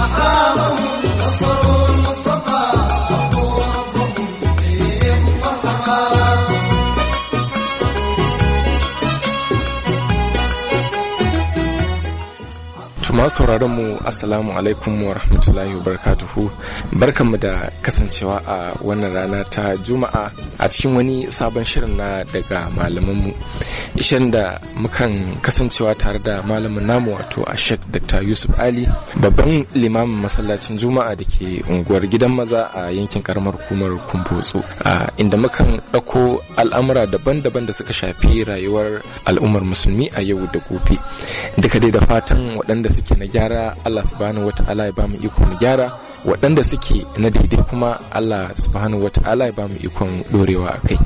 مقامهم masu sauraron mu assalamu alaikum wa rahmatullahi wa barakatuhu barkanmu da kasancewa a wannan rana ta juma'a a cikin wani sabon shirin na daga malamanmu shirin da mukan kasancewa tare da malamin namu wato a shek dr yusuf ali babban limamin masallacin juma'a da ke unguwar gidan maza a yankin karamar hukumar a inda mukan ɗauko al'amura daban-daban da suka shafi rayuwar al'ummar musulmi a yau da gobe duka dai da fatan waɗanda suke yake na gyara Allah subhanahu ta'ala ya bamu iko na gyara waɗanda suke na daidai kuma Allah subhanahu ta'ala ya bamu ikon dorewa a kai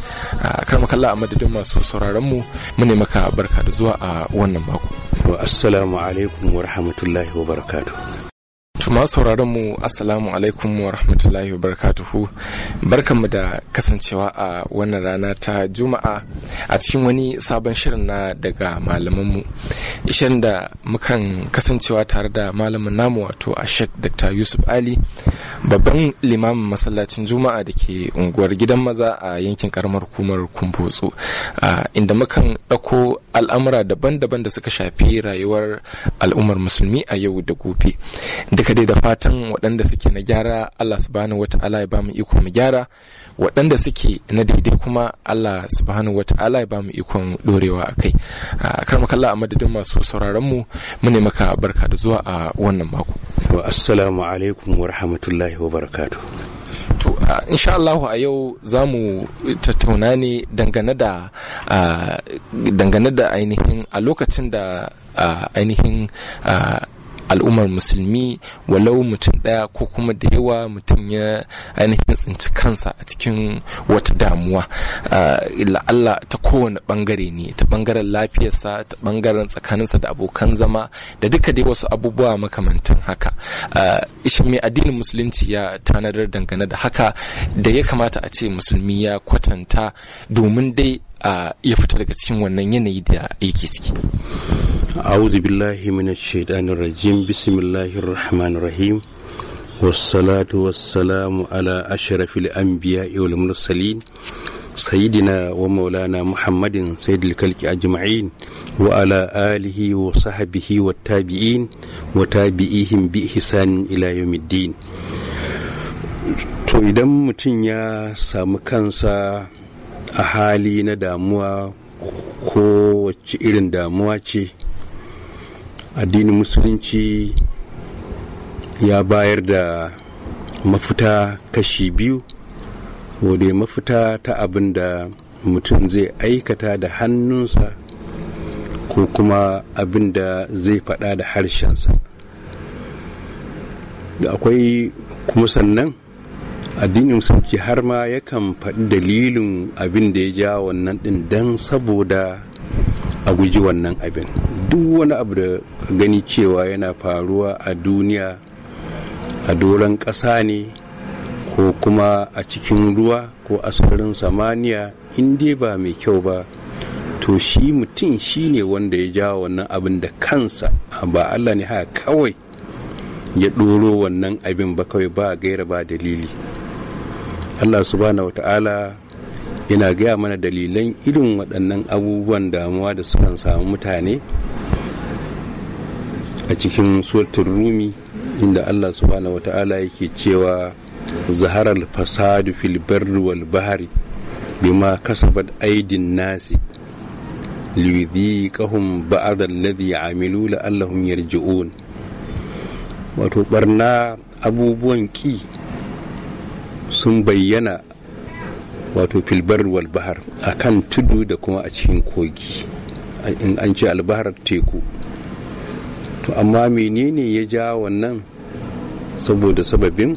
a karma kalla a madadin masu sauraron mu mu ne maka barka da zuwa a wannan mako assalamu alaikum wa rahmatullahi wa barakatuh Tuma sauraron mu Assalamu alaikum wa rahmatullahi wa barakatuhu. Barkanmu da kasancewa a wannan rana ta Juma'a a cikin wani sabon shirin na daga malamanmu. Shirin da mukan kasancewa tare da malamin namu wato a Sheikh Dr. Yusuf Ali, babban limamin masallacin Juma'a da ke unguwar gidan maza a yankin karamar kumar Kumbotso. Inda mukan ɗauko al'amura daban-daban da suka shafi rayuwar al'ummar musulmi a yau da gobe. dai da fatan waɗanda suke na gyara Allah subhanahu wata'ala ya bamu iko mu gyara waɗanda suke na daidai kuma Allah subhanahu wata'ala ya bamu ikon dorewa a kai a karmakalla a madadin masu sauraron mu mu ne maka barka da zuwa a wannan mako wa assalamu alaikum wa rahmatullahi wa barakatu to insha Allah a yau za mu tattauna ne dangane da dangane da ainihin a lokacin da ainihin al'ummar musulmi walau mutum ɗaya ko kuma da yawa mutum ya ainihin tsinci kansa a cikin wata damuwa ah, Allah ta kowane bangare ne ta bangaren lafiyarsa ta bangaren tsakaninsa da abokan zama da duka dai wasu abubuwa makamantan haka ah, mai addinin musulunci ya tanadar dangane da haka da ya kamata a ce musulmi ya kwatanta domin dai ah, ya fita daga cikin wannan yanayi da yake ciki. أعوذ بالله من الشيطان الرجيم بسم الله الرحمن الرحيم والصلاة والسلام على أشرف الأنبياء والمرسلين سيدنا ومولانا محمد سيد الكلك أجمعين وعلى آله وصحبه والتابعين وتابعيهم بإحسان إلى يوم الدين to idan mutum ya samu kansa a hali na damuwa ko wacce irin damuwa ce addinin musulunci ya bayar da mafita kashi biyu wadda mafita ta abin da mutum zai aikata da hannunsa ko kuma abin da zai faɗa da harshensa da akwai kuma sannan addinin musulunci har ma yakan faɗi dalilin abin da ya ja wannan ɗin don saboda a guji wannan abin duk wani abu da gani cewa yana faruwa a duniya a doron ƙasa ne ko kuma a cikin ruwa ko a samaniya in ba mai kyau ba to shi mutum shi ne wanda ya jawo wannan abin da kansa ba allah ne haka kawai ya ɗoro wannan abin ba kawai ba gaira ba dalili allah subhanahu wata'ala yana gaya mana dalilan irin waɗannan abubuwan damuwa da sukan samu mutane a cikin suratun rumi inda allah subhanahu wata'ala yake cewa zaharar fasadu fil wal bahari bima kasabat aidin nasi liyudhiqahum ba'd alladhi amilu la'allahum yarji'un wato barna abubuwan ki sun bayyana wato filbar walbahar bahar a kan tudu da kuma a cikin kogi in an ce albahar teku to amma menene ya ja wannan saboda sababin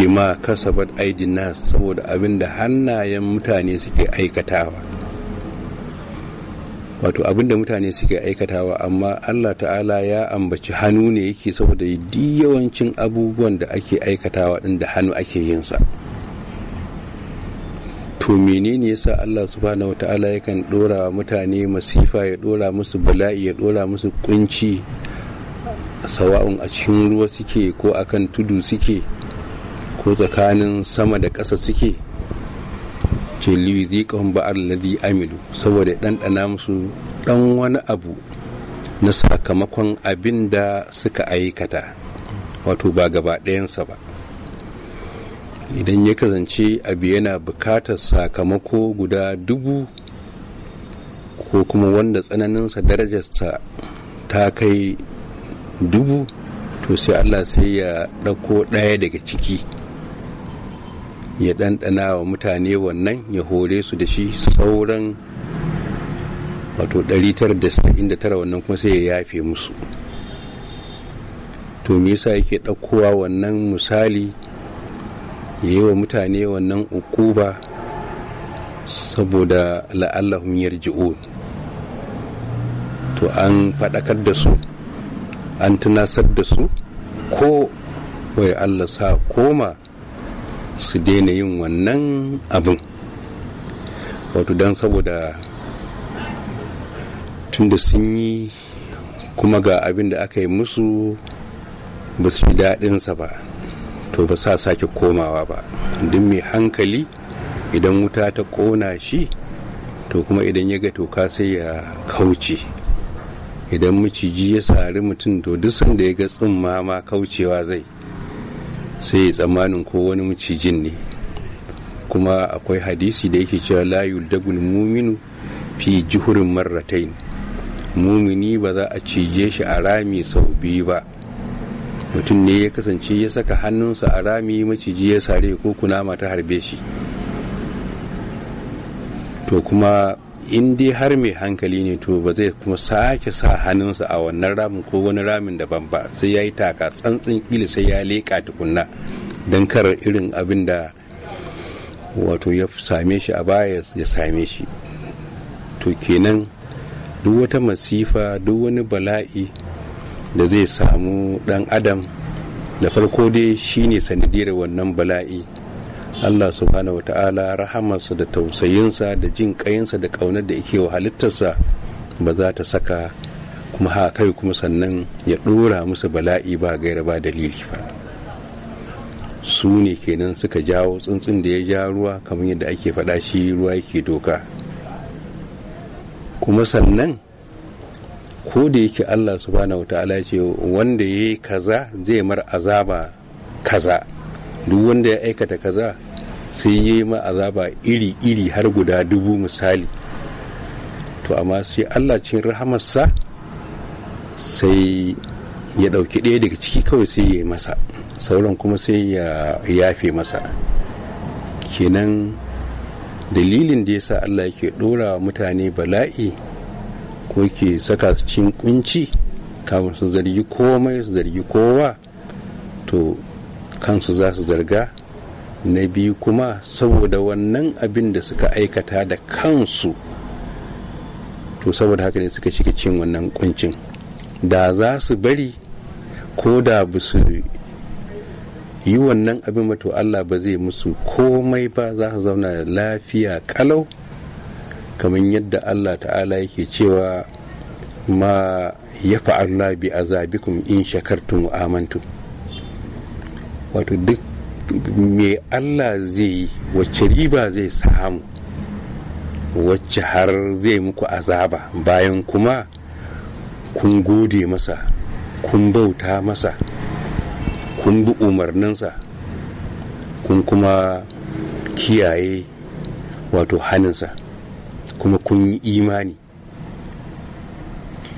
bima kasabat aidin nas saboda abin da hannayen mutane suke aikatawa wato abin da mutane suke aikatawa amma allah ta'ala ya ambaci hannu ne yake saboda yawancin abubuwan da ake aikatawa din da hannu ake yinsa. sa to menene yasa Allah subhanahu wataala yakan dora mutane masifa ya dora musu bala'i ya dora musu kunci sawa'un a cikin ruwa suke ko akan tudu suke ko tsakanin sama da ƙasa suke ce liyuziqahum ba'ar ladi amilu saboda ɗanɗana musu ɗan wani abu na sakamakon abin da suka aikata wato ba gaba ɗayansa ba idan ya kasance abu yana bukatar sakamako guda dubu ko kuma wanda tsananinsa darajarsa ta kai dubu to sai allah sai ya ɗauko ɗaya daga ciki ya ɗanɗana wa mutane wannan ya hore su da shi sauran wato 999 wannan kuma sai ya yafe musu to me yasa yake ɗaukowa wannan misali ya yi wa mutane wannan ukuba saboda la'allahum yarji'un to an faɗakar da su an tunasar da su ko wai Allah sa koma su daina yin wannan abin wato don saboda tunda sun yi kuma ga abin da aka yi musu ba su fi daɗinsa ba to ba sa sake komawa ba duk mai hankali idan wuta ta kona shi to kuma idan ya ga toka sai ya kauce idan maciji ya sari mutum to duk sanda ya ga tsumma ma kaucewa zai sai ya tsammanin ko wani macijin ne kuma akwai hadisi da yake cewa layu dagul muminu fi jihurin marratain mumini ba za a cije shi a rami sau biyu ba mutum ne ya kasance ya saka hannunsa a rami maciji ya sare ko kunama ta harbe shi to kuma in dai har mai hankali ne to ba zai kuma sake sa hannunsa a wannan ramin ko wani ramin daban ba sai ya yi taka tsantsin kila sai ya leƙa tukunna don kar irin abin da wato ya same shi a baya ya same shi to kenan duk wata masifa duk wani bala'i da zai samu dan adam da farko dai shine sanadiyar wannan bala'i Allah subhanahu wata'ala rahamarsa da tausayinsa da jin kayinsa da ƙaunar da ke wa halittarsa ba za ta saka kuma haka kai kuma sannan ya ɗora musu bala'i ba gaira ba dalili ba su ne kenan suka jawo tsuntsun da ya ja ruwa kamar yadda ake faɗa shi ruwa yake doka kuma sannan ko da yake Allah subhanahu wataala ce wanda ya yi kaza zai mar azaba kaza duk wanda ya aikata kaza sai ya yi ma azaba iri iri har guda dubu misali to amma sai Allah cin rahamarsa sai ya ɗauki ɗaya daga ciki kawai sai ya yi masa sauran kuma sai ya yafe masa kenan dalilin da ya sa Allah yake ɗora wa mutane bala'i ko ke saka su cikin kunci kafin su zargi komai su zargi kowa to kansu za su zarga na biyu kuma saboda wannan abin da suka aikata da kansu to saboda haka ne suka shiga cin wannan kuncin da za su bari ko da ba su yi wannan abin mato Allah ba zai musu komai ba za su zauna lafiya kalau kamar yadda Allah ta'ala yake cewa ma ya fa'alla bi zabikun in shakartun amantu wato duk me Allah zai yi wacce riba zai samu wacce har zai muku azaba bayan kuma kun gode masa kun bauta masa kun bi umarninsa kun kuma kiyaye wato haninsa kuma kun yi imani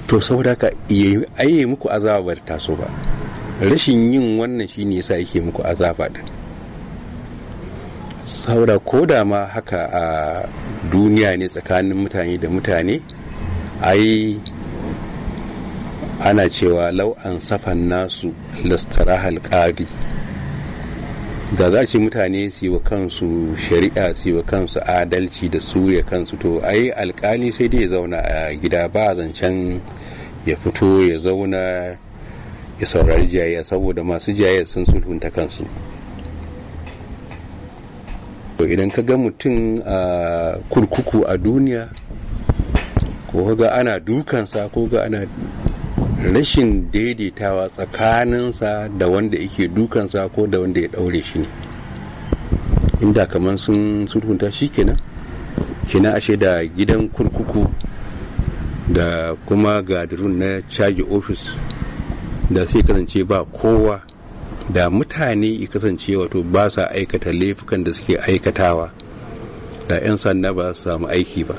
to saboda haka yayi muku azaba ba taso ba rashin yin wannan shine yasa yake muku azaba din saboda ko da ma haka a duniya ne tsakanin mutane da mutane ai ana cewa lau safan nasu lastara halƙabi da za ce mutane su yi wa kansu shari'a su yi wa kansu adalci da su ya kansu to ai alkali sai dai ya zauna a gida ba zancen ya fito ya zauna ya saurari jayayya saboda masu jayayya sun sulhunta kansu to idan ka ga mutum a kurkuku a duniya ko ga ana dukansa ko ga ana rashin daidaitawa tsakaninsa da wanda yake dukansa ko da wanda ya daure shi ne inda kamar sun surkunta shi kenan kenan ashe da gidan kurkuku da kuma gadirun na caji ofis da sai kasance ba kowa da mutane ya kasance wato ba sa aikata laifukan da suke aikatawa da 'yan sanda ba su samu aiki ba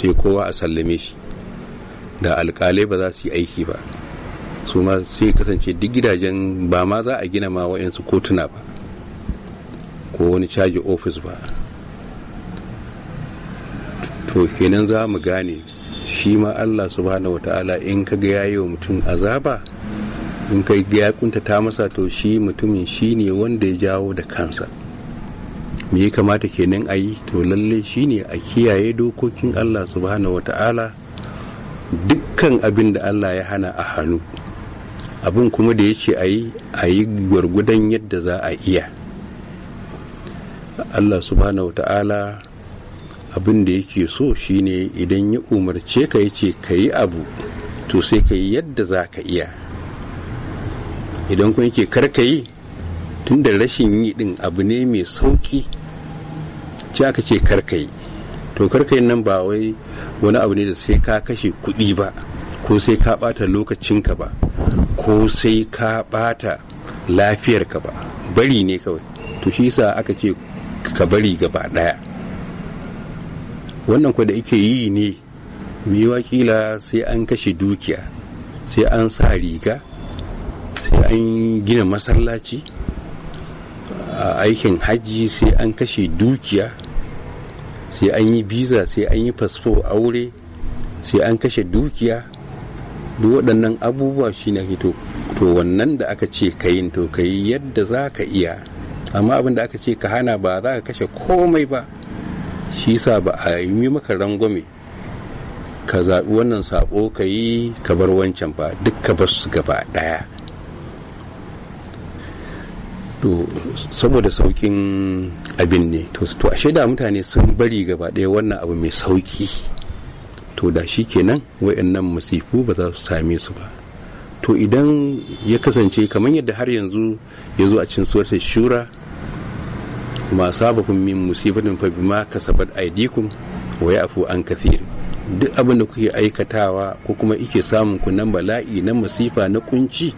sai kowa a sallame shi da alkalai ba za su yi aiki ba su ma sai kasance duk gidajen ba ma za a gina ma wa'yansu kotuna ba ko wani caji ofis ba to kenan za mu gane shi ma allah subhanahu ta'ala in ka ga yayi wa mutum azaba in ka ga ya kuntata masa to shi mutumin shi ne wanda ya jawo da kansa me ya kamata kenan a yi to lalle shi ne a kiyaye dokokin allah subhanahu ta'ala dukkan abin da allah ya hana a hannu abin kuma da ya ce a yi a yi gwargudan yadda za a iya allah subhanahu ta'ala abin da yake so shine idan ya umarce ka ya ce ka yi abu to sai ka yi yadda za ka iya idan kuma yake kar yi tun da rashin yi din abu ne mai sauki ce aka ce kar yi to kar yi nan ba wai wani abu ne da sai ka kashe kuɗi ba ko sai ka ɓata lokacinka ba ko sai ka bata lafiyarka ba bari ne kawai to shi yasa aka ce ka bari gaba daya wannan kwa da ake yi ne mai wakila sai an kashe dukiya sai an sa riga sai an gina masallaci a aikin hajji sai an kashe dukiya sai an yi biza sai an yi fasfo aure sai an kashe dukiya duk waɗannan abubuwa shi na hito to wannan da aka ce ka yin to ka yi yadda za ka iya amma abin da aka ce ka hana ba za ka kashe komai ba shi sa ba a yi maka rangwame ka zaɓi wannan saƙo ka yi ka bar wancan ba duk ka bar su gaba ɗaya saboda saukin abin ne to a shaida mutane sun bari gaba ɗaya wannan abu mai sauƙi. to da shi kenan wayannan musifu ba za su same su ba to idan ya kasance kamar yadda har yanzu ya zo a cikin sai shura ma sabakum min musibatin fa bima kasabat aidikum wa ya'fu an kathir duk abin da kuke aikatawa ko kuma ike samun ku nan bala'i na masifa na kunci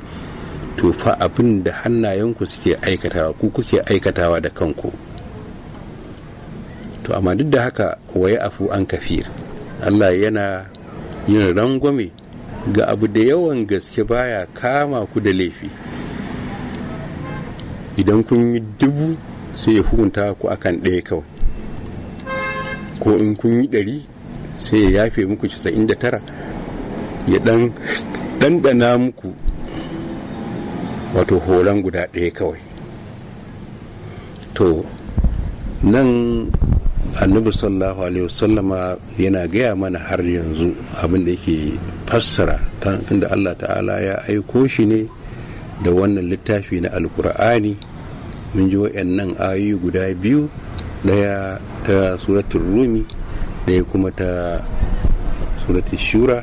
to fa abin da hannayenku suke aikatawa ku kuke aikatawa da kanku to amma duk da haka wa ya'fu an kathir Allah yana yin rangwame ga abu da yawan gaske baya kama ku da laifi idan kun yi dubu sai ya hukunta ku akan ɗaya kawai ko in kun yi ɗari sai ya yafe muku casa'in da tara ya ɗan ɗanɗana muku wato horon guda ɗaya kawai to nan annabi sallallahu alaihi wasallama yana gaya mana har yanzu abin da yake fassara tunda allah ta'ala ya aiko shi ne da wannan littafi na alkur'ani mun ji wa'annan ayoyi guda biyu daya ta suratul rumi daya kuma ta suratul shura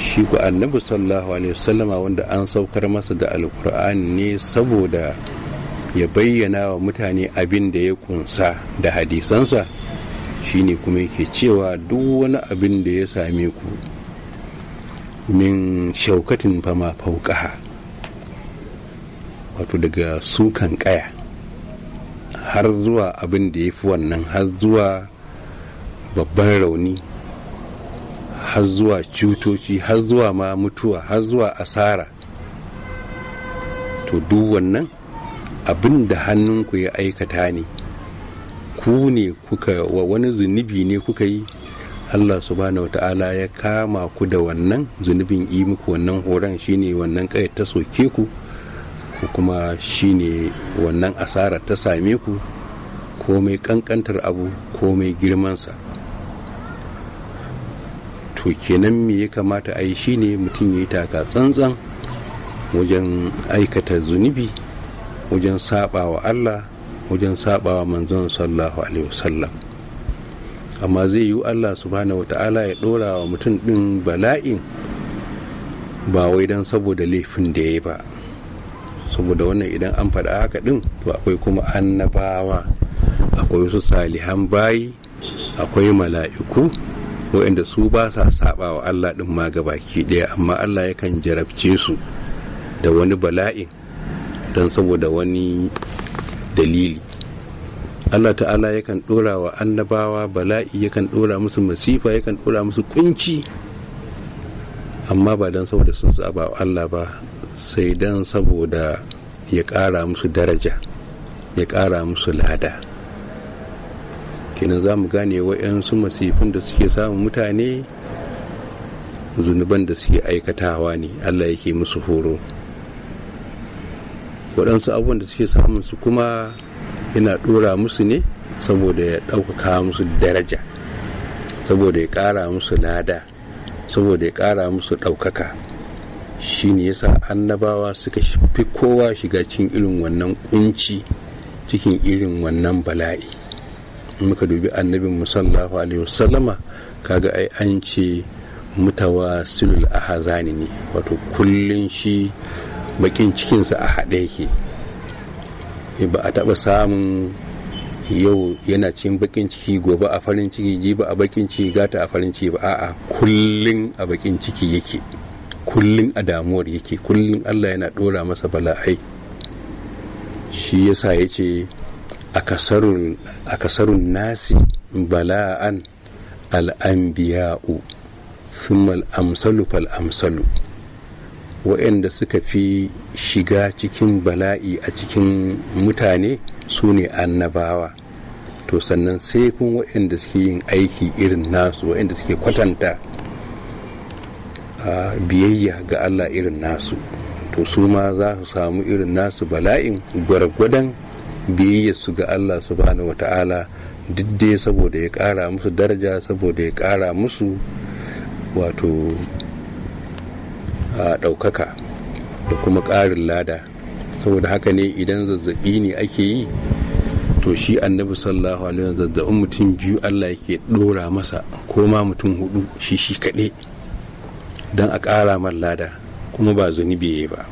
shi ku annabi sallallahu alaihi wasallama wanda an saukar masa da alkur'ani ne saboda ya bayyana wa mutane abin da ya kunsa da hadisansa shine kuma yake cewa duk wani abin da ya same ku min shaukatin fama fauƙaha wato daga sukan ƙaya har zuwa abin da ya fi wannan har zuwa babban rauni har zuwa cutoci har zuwa ma mutuwa har zuwa asara to duk wannan abin da hannunku ya aikata ne ku ne kuka wa wani zunubi ne kuka yi Allah subhanahu wata'ala ya kama ku da wannan zunubin yi muku wannan horon shine wannan kai ta soke ku ko kuma shine wannan asara ta same ku komai kankantar abu komai girmansa to kenan me ya kamata a yi shine mutum ya yi taka tsantsan wajen aikata zunubi wajen saba allah wajen saba wa manzon sallallahu alaihi wasallam amma zai yi allah subhanahu wata'ala ya dora wa mutum din bala'in ba wai don saboda laifin da ya ba saboda wannan idan an faɗa haka din to akwai kuma annabawa akwai wasu salihan bayi akwai mala'iku waɗanda su ba sa saba wa allah din ma gabaki ɗaya amma allah yakan jarabce su da wani bala'in don saboda wani dalili Allah ta'ala yakan ɗora wa annabawa bala'i yakan ɗora musu masifa yakan ɗora musu kunci amma ba don saboda sun saba Allah ba sai don saboda ya ƙara musu daraja ya ƙara musu lada kenan za mu gane wa'yansu masifin da suke samun mutane zunuban da suke aikatawa ne Allah yake musu horo. waɗansu abubuwan da suke samun su kuma yana ɗora musu ne saboda ya ɗaukaka musu daraja saboda ya ƙara musu lada saboda ya ƙara musu ɗaukaka shi ne yasa annabawa suka fi kowa shiga cikin irin wannan kunci cikin irin wannan bala'i muka dubi annabin musallahu alaihi wasallama kaga ai an ce mutawa silul ahazani ne wato kullum shi bakin cikinsa a haɗe yake eh, ba a taɓa samun yau yana cin bakin ciki gobe a farin ciki ba a bakin ciki gata a farin ciki ba a'a kullun a bakin ciki yake kullun a damuwar yake kullun Allah yana ɗora masa bala'ai shi yasa ce a kasarun nasi bala'an al'ambiya'u sun amsalu fal-amsalu waɗanda suka fi shiga cikin bala'i a cikin mutane su ne annabawa to sannan sai kun waɗanda suke yin aiki irin nasu waɗanda suke kwatanta ah, biyayya ga Allah irin nasu to su ma za su samu irin nasu bala'in gwargwadon su ga Allah subhanahu wata'ala duk dai saboda ya ƙara musu daraja saboda ya ƙara musu wato ɗaukaka da kuma ƙarin lada saboda haka ne idan zazzabi ne ake yi to shi annabi sallallahu alaihi wasallam zazzabin mutum biyu Allah yake ɗora masa ko ma mutum hudu shi shi kaɗai don a ƙara man lada kuma ba zunubi yayi ba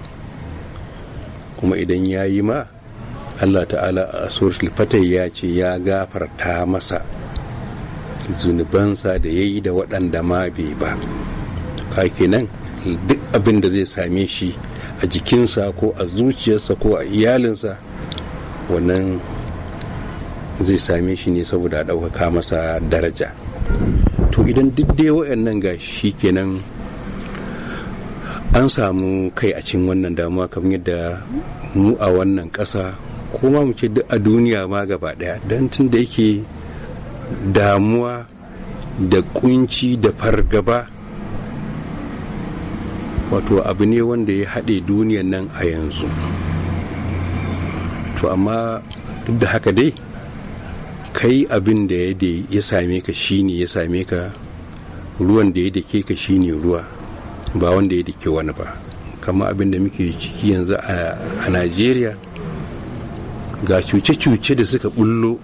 kuma idan ya yi ma Allah ta'ala a suratul ya ce ya gafarta masa zunubansa da ya yi da waɗanda ma bai ba kenan duk abin da zai same shi a jikinsa ko a zuciyarsa ko a iyalinsa wannan zai same shi ne saboda a ɗaukaka masa daraja to idan duk dai waɗannan ga shi kenan an samu kai a cikin wannan damuwa kamar yadda mu a wannan ƙasa ko ma mu ce duk a duniya ma gaba ɗaya don tun da yake damuwa da kunci da fargaba wato abu ne wanda ya haɗe duniyan nan a yanzu to amma duk da haka dai kai abin da ya ya same ka shine ya same ka ruwan da ya da ke ka shine ruwa ba wanda ya da ke wani ba kamar abin da muke ciki yanzu a najeriya ga cuce-cuce da suka bullo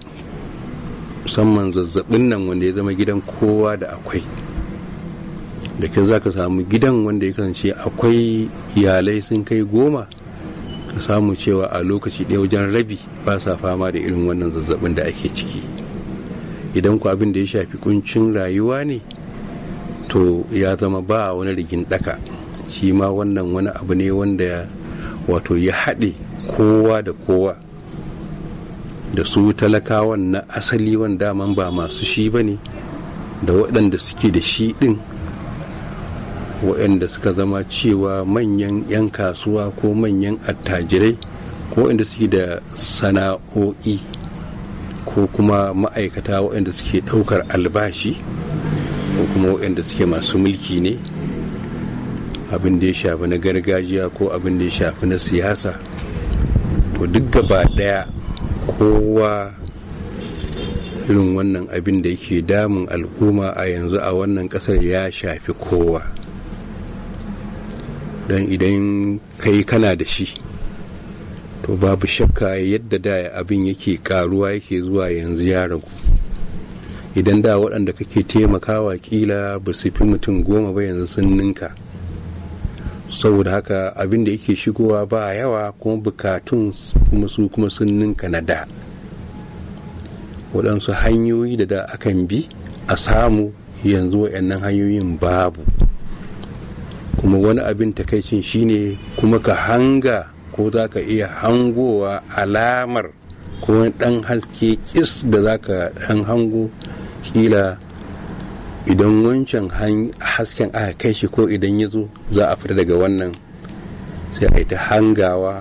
musamman zazzabin nan wanda ya zama gidan kowa da akwai da kyau za ka samu gidan wanda ya kasance akwai iyalai sun kai goma ka samu cewa a lokaci ɗaya wajen rabi ba sa fama da irin wannan zazzabin da ake ciki idan ku abin da ya shafi kuncin rayuwa ne to ya zama ba wani rigin ɗaka shi ma wannan wani abu ne wanda wato ya haɗe kowa da kowa da su talakawan na asali wanda man ba masu shi ba ne da waɗanda suke da shi ɗin waɗanda suka zama cewa manyan 'yan kasuwa ko manyan attajirai ko waɗanda suke da sana'o'i ko kuma ma'aikata waɗanda suke ɗaukar albashi ko kuma waɗanda suke masu mulki ne abin da ya shafi na gargajiya ko abin da ya shafi na siyasa to duk gaba ɗaya kowa irin wannan abin da yake damun al'umma a yanzu a wannan ƙasar ya shafi kowa dan idan kai kana da shi to babu shakka yadda da abin yake karuwa yake zuwa yanzu ya ragu idan da waɗanda kake taimakawa kila ba su fi mutum goma ba yanzu sun ninka saboda haka abin da yake shigowa ba yawa kuma bukatun kuma su kuma sun ninka na da waɗansu hanyoyi da da akan bi a samu yanzu waɗannan hanyoyin babu kuma wani abin takaicin shine kuma ka hanga ko za ka iya hangowa alamar ko wani ɗan haske kis da za ka ɗan hango kila idan wancan hasken aka kai shi ko idan ya zo za a fita daga wannan sai a yi ta hangawa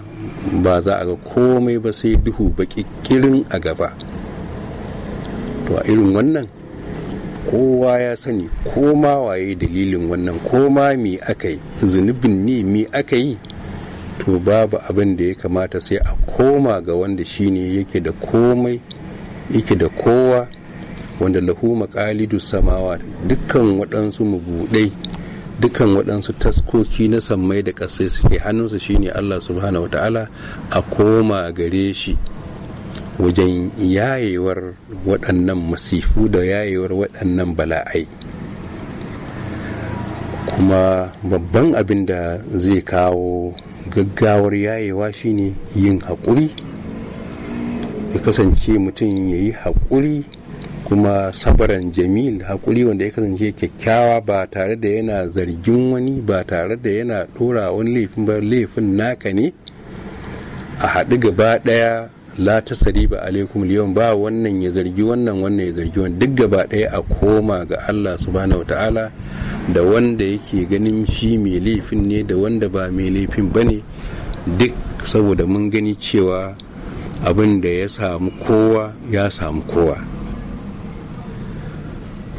ba za a ga komai ba sai duhu ba ƙirƙirin a gaba to a irin wannan kowa ya sani ko ma waye dalilin wannan ko ma me aka yi zunubin ne me aka yi to babu abin da ya kamata sai a koma ga wanda shine yake da komai yake da kowa wanda lahu makalidu samawa dukkan waɗansu mabuɗai dukkan waɗansu taskoki na sammai da ƙasai suke hannunsa shine Allah subhanahu wataala a koma gare shi wajen yayewar waɗannan masifu da yayewar waɗannan bala'ai kuma babban abin da zai kawo gaggawar yayewa shine yin haƙuri ya kasance mutum ya yi haƙuri kuma sabaran jamil haƙuri wanda ya kasance kyakkyawa ba tare da yana zargin wani ba tare da yana ɗora wani laifin ba laifin naka ne a haɗu gaba ɗaya la ta ba alaikum liyon ba wannan ya zargi wannan wannan ya zargi wannan duk gaba ɗaya a koma ga Allah subhanahu ta'ala da wanda yake ganin shi mai laifin ne da wanda ba mai laifin ba ne duk saboda mun gani cewa abin da ya samu kowa ya samu kowa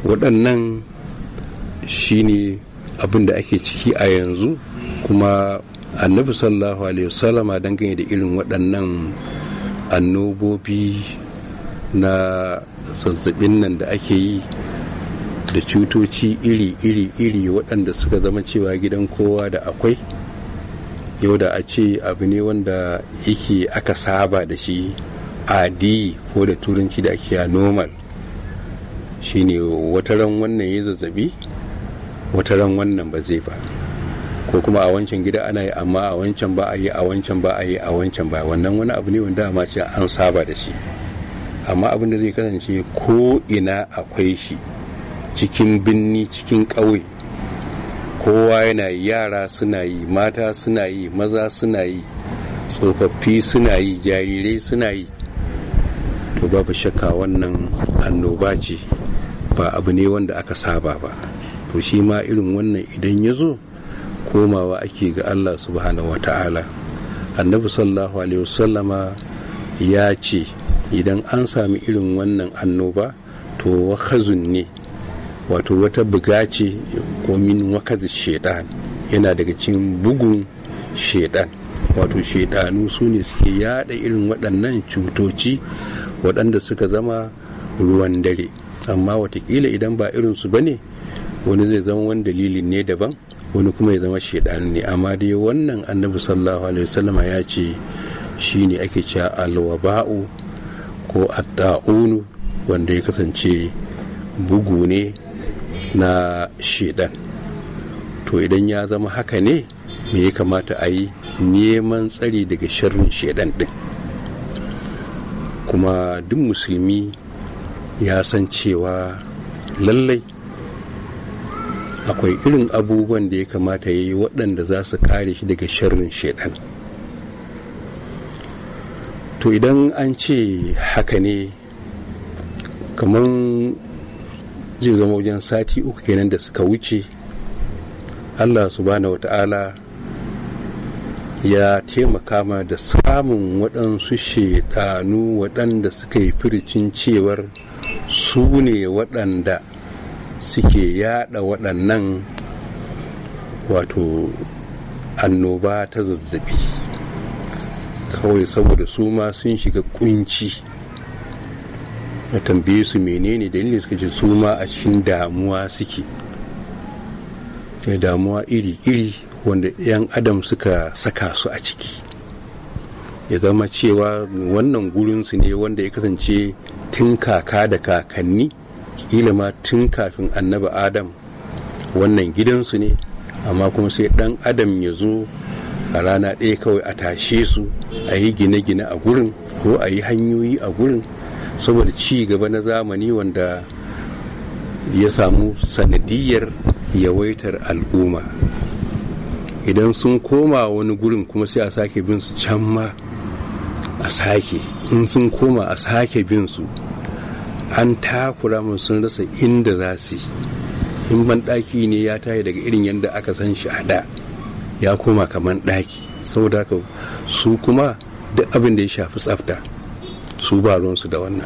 waɗannan shi ne abin da ake ciki a yanzu kuma annabi sallallahu alaihi wasallama dangane da irin waɗannan annobobi na zazzabin nan da ake yi da cutoci iri-iri-iri waɗanda suka zama cewa gidan kowa da akwai yau da a ce abu ne wanda yake aka saba da shi di ko da turanci da ake normal shine wataran wannan ya zazzabi wataran wannan ba zai ba ko kuma a wancan gida ana yi amma a wancan ba a yi a wancan ba a yi a wancan ba wannan wani abu ne wanda ma ce an saba da shi amma abin da zai kasance ko ina akwai shi cikin binni cikin ƙauye kowa yana yi yara suna yi mata suna yi maza suna yi tsofaffi suna yi jarirai suna yi to babu shakka wannan annoba ce ba abu ne wanda aka saba ba to shi ma irin wannan idan ya zo komawa ake ga Allah subhanahu wata'ala annabi sallallahu alaihi wasallama ya ce idan an sami irin wannan annoba to wakazun ne wato wata buga ce ko min wakaz shaitan yana daga cikin bugun shaitan wato shaidanu su ne suke yada irin waɗannan cutoci waɗanda suka zama ruwan dare amma watakila idan ba irinsu ba ne wani zai zama wani dalilin ne daban wani kuma ya zama shaidan ne amma dai wannan annabi sallallahu alaihi wasallam ya ce shine ake cewa alwaba'u ko adda'unu wanda ya kasance bugu ne na shaidan to idan ya zama haka ne me ya kamata a yi neman tsari daga sharrin shaidan din kuma duk musulmi ya san cewa lallai akwai irin abubuwan da ya kamata ya yi waɗanda za su kare shi daga sharrin shaidan to idan an ce haka ne kamar zai zama wajen sati uku kenan da suka wuce allah subhanahu wata'ala ya taimaka ma da samun waɗansu shaidanu waɗanda suka yi firicin cewar su ne waɗanda suke yada waɗannan wato annoba ta zazzabi kawai saboda su ma sun shiga kunci na tambaye su menene dalilin suka ce su ma a cikin damuwa suke damuwa iri-iri wanda 'yan adam suka saka su a ciki ya zama cewa wannan gurinsu ne wanda ya kasance tun kaka da kakanni kila ma tun kafin annabi adam wannan gidansu ne amma kuma sai dan adam ya zo a rana ɗaya kawai a tashe su a yi gine-gine a gurin ko a yi hanyoyi a gurin saboda ci gaba na zamani wanda ya samu sanadiyar yawaitar al'umma idan sun koma wani gurin kuma sai a sake bin su can ma a sake in sun koma a sake bin su an takura mun sun rasa inda za su yi in ban ɗaki ne ya tashi daga irin yadda aka san shi a da ya koma kaman ɗaki saboda haka su kuma duk abin da ya shafi tsafta su ba ruwansu da wannan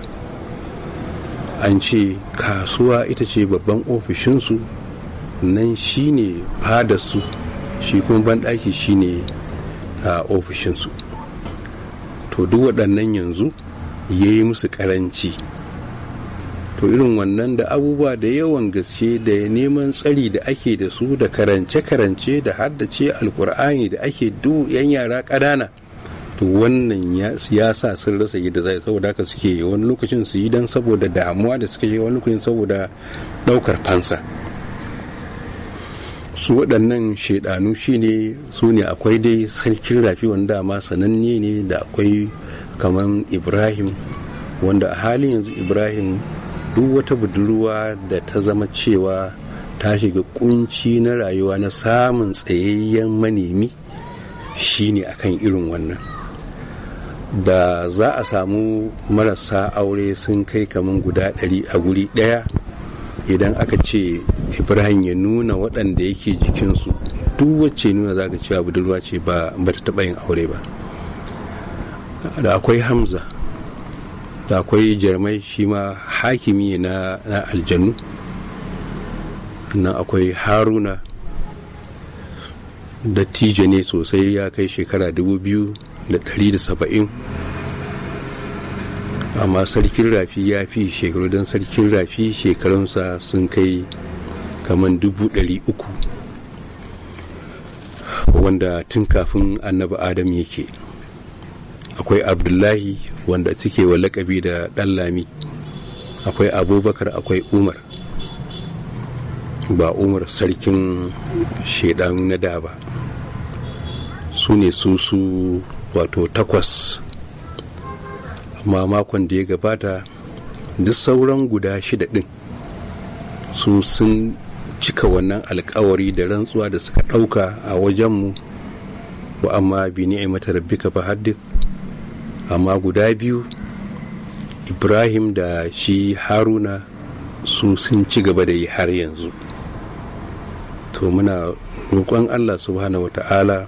an ce kasuwa ita ce babban ofishinsu nan shi ne fadarsu shi kuma banɗaki ne a ofishinsu to duk waɗannan yanzu ya yi musu ƙaranci to irin wannan da abubuwa da yawan gaske da neman tsari da ake da su da karance-karance da haddace alkur'ani da ake du yan yara ƙadana to wannan ya sa sun rasa yadda zai saboda haka suke wani lokacin su yi dan saboda damuwa da suke wani lokacin saboda ɗaukar fansa su waɗannan shaidanu shine su ne akwai dai sarkin rafi wanda dama sananne ne da akwai kamar ibrahim wanda a halin yanzu ibrahim duk wata budurwa da ta zama cewa ta shiga kunci na rayuwa na samun tsayayyen manemi shine akan irin wannan da za a samu marasa aure sun kai kamar guda ɗari a guri ɗaya idan aka ce ibrahim ya nuna waɗanda yake jikinsu duk wacce nuna za ka cewa budurwa ce ba ta taɓa yin aure ba da akwai hamza da akwai jarmai shi ma hakimi na, na aljannu nan akwai haruna dattijo ne sosai ya kai shekara dubu biyu da saba'in amma sarkin rafi ya fi shekaru don sarkin rafi shekarunsa sun kai kamar dubu uku wanda tun kafin annabi adam yake akwai abdullahi wanda suke wa lakabi da Dan lami akwai abubakar akwai umar ba umar sarkin shaidan na da ba su ne su su wato takwas amma makon da ya gabata duk sauran guda shida ɗin su sun cika wannan alkawari da rantsuwa da suka ɗauka a wajenmu wa amma bi ni'imata rabbika fa haddith amma guda biyu ibrahim da shi haruna su sun ci gaba da yi har yanzu to muna roƙon allah subhanahu wata'ala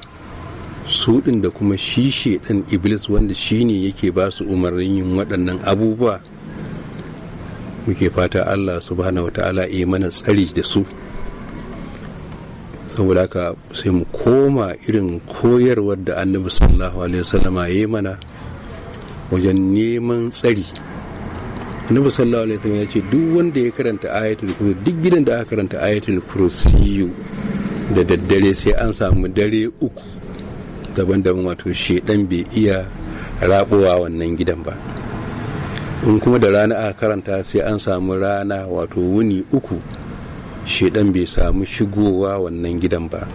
su ɗin da kuma shi ɗan iblis wanda shi ne yake ba su umarnin yin waɗannan abubuwa muke fata allah subhanahu wata'ala ya mana tsari da su saboda haka sai mu koma irin koyarwar da annabi sallallahu alaihi wasallama ya mana wajen neman tsari annabi sallallahu alaihi wasallam ya ce duk wanda ya karanta ayatul kursi duk gidan da aka karanta ayatul kursi da daddare sai an samu dare uku daban-daban wato shedan bai iya rabuwa wannan gidan ba in kuma da rana aka karanta sai an samu rana wato wuni uku shedan bai samu shigowa wannan gidan ba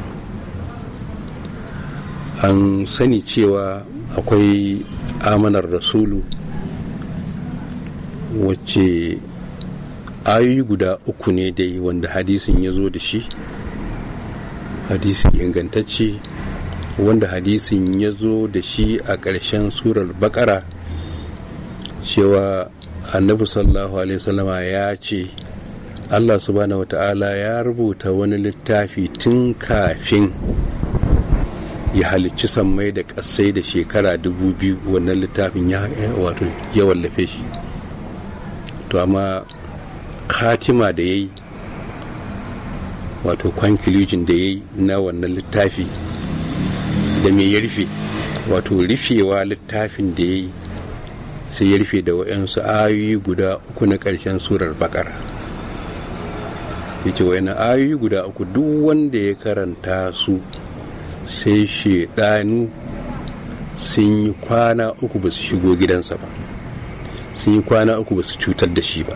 an sani cewa akwai amanar rasulu wacce ayoyi guda uku ne dai wanda hadisin ya zo da shi hadisin ingantacce wanda hadisin ya zo da shi a ƙarshen surar bakara cewa annabi sallallahu alaihi wasallama ya ce allah subhanahu ta'ala ya rubuta wani littafi tun kafin ya halicci sammai da ƙasai da shekara dubu biyu wannan littafin ya wato ya wallafe shi to amma katima da ya yi wato conclusion da ya yi na wannan littafi da mai ya rufe wato rufewa littafin da ya yi sai ya rufe da wa'yansu ayoyi guda uku na ƙarshen surar bakara yake ce ayoyi guda uku duk wanda ya karanta su sai shedanu sun yi kwana uku ba su shigo gidansa ba sun yi kwana uku ba su cutar da shi ba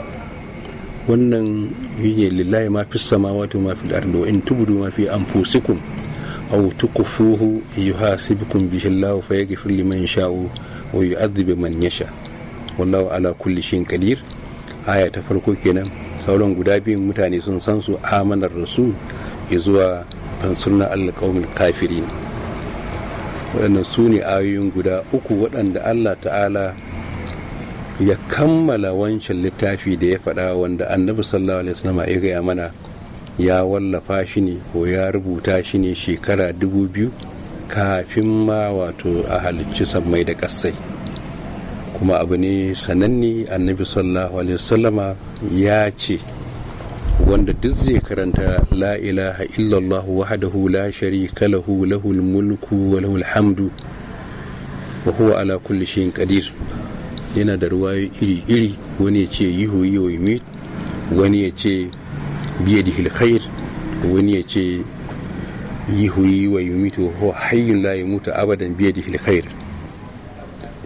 wannan ne lillahi ma fi wato ma fi al in tubudu ma fi fuhu yi ha yuhasibukum bishin Allah fa yaghfir liman sha'u wa yu'adhibu man sha wallawa ala kulli shay'in qadir aya ta farko kenan sauran guda biyun mutane sun san su amanar rasul ya zuwa tansurna alƙaumin kafirin waɗannan su ne ayoyin guda uku waɗanda allah ta'ala ya kammala wancan littafi da ya faɗa wanda annabi sallallahu alaihi wasallam ya gaya mana ya wallafa shi ne ko ya rubuta shi ne shekara dubu biyu kafin ma wato a halicci sammai da ƙasai kuma abu ne sananne annabi sallallahu alaihi wasallama ya ce wanda duk zai karanta la ilaha illallah wahadahu la sharika lahu lahul mulku wa lahul hamdu wa huwa ala kulli shay'in qadir yana da ruwayo iri iri wani ya ce yihu yihu mit wani ya ce biyadihi alkhair wani ya ce yihu yihu yumit wa huwa hayyun la yamutu abadan biyadihi alkhair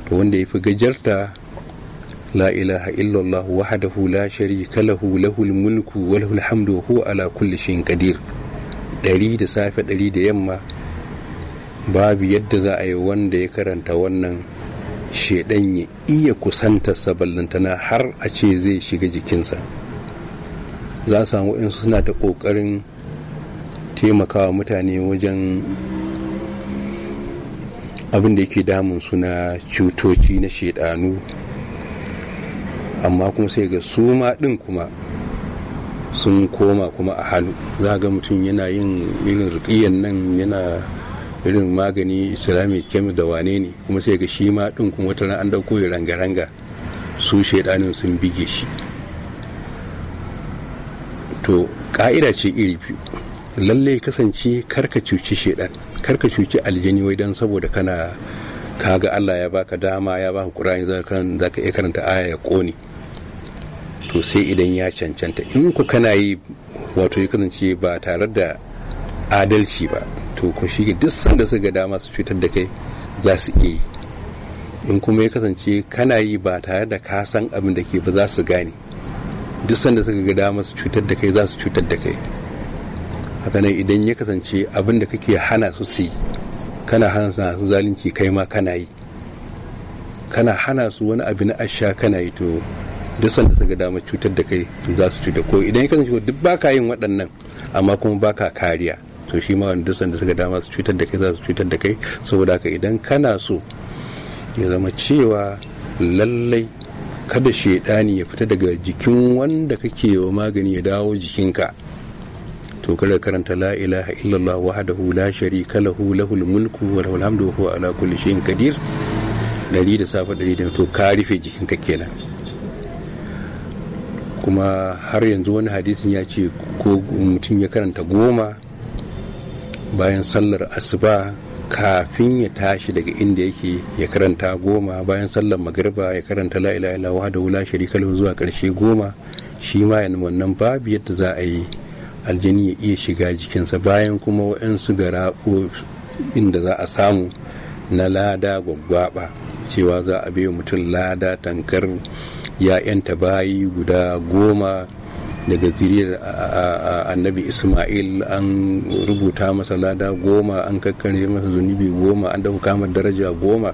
to wanda yafi gajarta لا إله إلا الله وحده لا شريك له له الملك وله الحمد وهو على كل شيء قدير ɗari da safe ɗari da yamma babu yadda za a yi wanda ya karanta wannan shaidan ya iya kusantarsa ballantana har a ce zai shiga jikinsa za a samu in suna ta ƙoƙarin taimakawa mutane wajen abin da yake damun suna cutoci na shaidanu amma kuma sai ga su ma din kuma sun koma kuma a hannu za ga mutum yana yin irin rikiyan nan yana irin magani islamic kemis da wane ne kuma sai ga shi ma din kuma wata an dauko ranga-ranga su shaidanin sun bige shi to ƙa'ida ce iri biyu lalle kasance karka cuci shaidan karka cuci aljini wai dan saboda kana kaga Allah ya baka dama ya baka Qur'ani ka iya karanta aya ya kone to sai idan ya cancanta in ku kana yi wato ya kasance ba tare da adalci ba to ku shi duk sanda su ga dama su cutar da kai za su iya yi in kuma ya kasance kana yi ba tare da ka abin da ke ba za su gane duk sanda suka ga dama su cutar da kai za su cutar da kai haka idan ya kasance abin da kake hana su su yi kana hana su zalunci kai ma kana yi kana hana su wani abin na asha kana yi to duk sanda suka dama cutar da kai za su cuta ko idan ya kasance duk baka yin waɗannan amma kuma baka kariya to shi ma duk sanda suka dama su cutar da kai za su cutar da kai saboda haka idan kana so ya zama cewa lallai kada shaidani ya fita daga jikin wanda kake wa magani ya dawo jikinka to kada karanta la ilaha illallah wahdahu la sharika lahu lahul mulku wa lahul hamdu wa huwa ala kulli shay'in qadir dari da safa dari da to ka rufe jikinka kenan kuma har yanzu wani hadisin ya ce ko mutum ya karanta goma bayan sallar asuba kafin ya tashi daga inda yake ya karanta goma bayan sallar magariba ya karanta la ilaha da wula sharika zuwa karshe goma shi ma yana wannan babu yadda za a yi aljini ya iya shiga jikinsa bayan kuma waɗansu garaɓo inda za a samu na lada gwaggwaɓa cewa za a wa mutum lada tankar ya'yanta bayi guda goma daga zuriyar annabi ismail an rubuta masa lada goma an kakkare masa zunubi goma an dauka kama daraja goma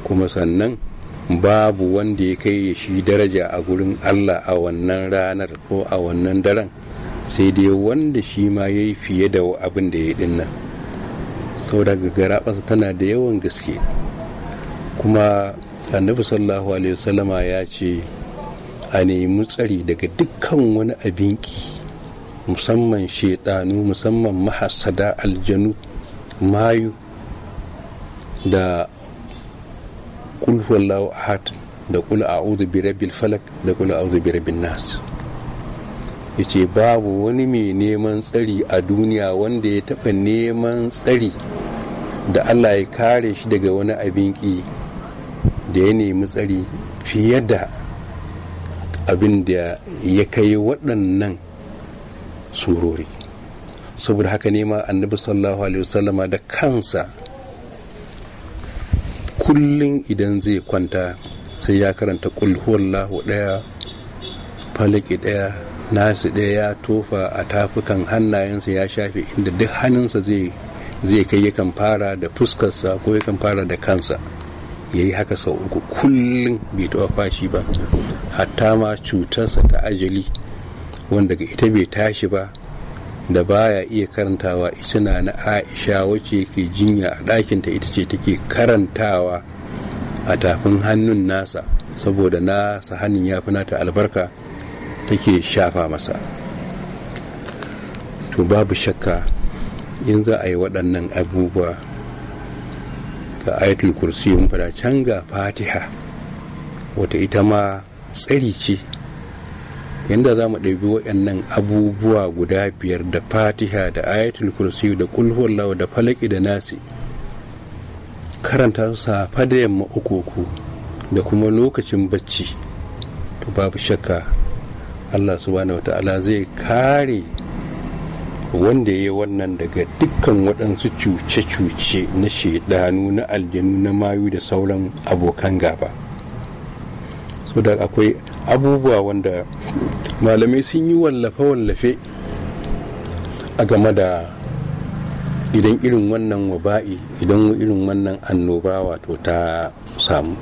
kuma sannan babu wanda ya kai ya shi daraja a gurin allah a wannan ranar ko a wannan daren sai dai wanda shi ma ya yi fiye da abin da ya yi dinnan sau daga garaɓarsa tana da yawan gaske kuma annabi sallallahu alaihi wasallama ya ce a nemi tsari daga dukkan wani abinki musamman shaidanu musamman mahasada aljanu mayu da kulhuwallahu ahad da kula a uzu rabbil falak da kula a uzu rabbin nas ce babu wani mai neman tsari a duniya wanda ya taɓa neman tsari da Allah ya kare shi daga wani abin da ya nemi tsari fiye da abin da ya kai waɗannan surori saboda haka nema annabi sallallahu alaihi wasallama da kansa kullum idan zai kwanta sai ya karanta kulhuwallahu ɗaya falaki ɗaya nasu ɗaya ya tofa a tafukan hannayensa ya shafe inda duk hannunsa zai kai yakan fara da fuskarsa ko yakan fara da kansa ya yi haka sau uku kullum bai taɓa fashi ba hatta ma cutarsa ta ajali wanda ga ita bai tashi ba da baya iya karantawa ita na na aisha wacce ke jinya a ɗakinta ita ce take karantawa a tafin hannun nasa saboda nasa hannun ya fi nata albarka take shafa masa to babu shakka in za a yi waɗannan abubuwa ga ayatul kursi mun fada can fatiha wata ita ma tsari ce yadda za mu ɗabi waɗannan abubuwa guda biyar da fatiha da ayatul kursi da kulhuwallahu da falaki da nasi karanta su safa da yamma uku da kuma lokacin bacci to babu shakka allah subhanahu wa ta'ala zai kare wanda ya yi wannan daga dukkan waɗansu cuce-cuce na shaidanu na aljanu na mayu da sauran abokan gaba so da akwai abubuwa wanda malamai sun yi wallafe-wallafe a game da idan irin wannan waba'i idan irin wannan annoba wato ta samu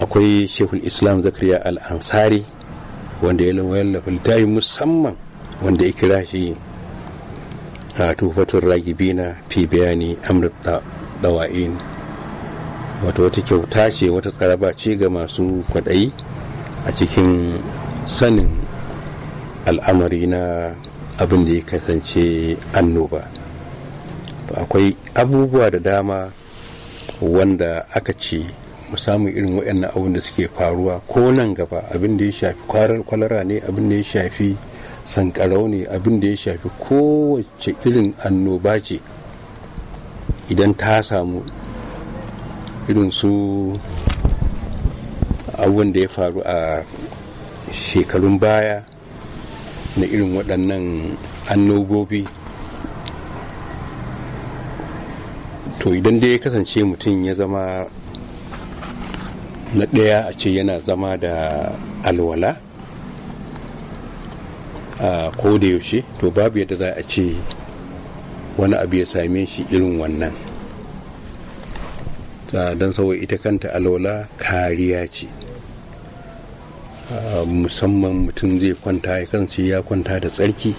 akwai shehul islam zakariya al-ansari wanda ya wallafa littafi musamman wanda ya kira shi a tufatun na fi bayani amurta dawa'in wato wata kyauta ce wata tsaraba ce ga masu kwaɗayi a cikin sanin al'amari na abin da ya kasance annoba akwai abubuwa da dama wanda aka ce mu samu irin waɗannan abin da suke faruwa ko nan gaba abin da ya shafi kwarar kwalara ne abin da ya shafi sankarau ne abin da ya shafi kowace irin annoba ce idan ta samu irin su abubuwan da ya faru a shekarun baya na irin waɗannan annobobi to idan dai ya kasance mutum ya zama na ɗaya a ce yana zama da alwala a koda yaushe to babu yadda za a ce wani abu ya same shi irin wannan don saboda ita kanta alola kariya ce ah, musamman mutum zai kwanta ya kanci ya kwanta da tsarki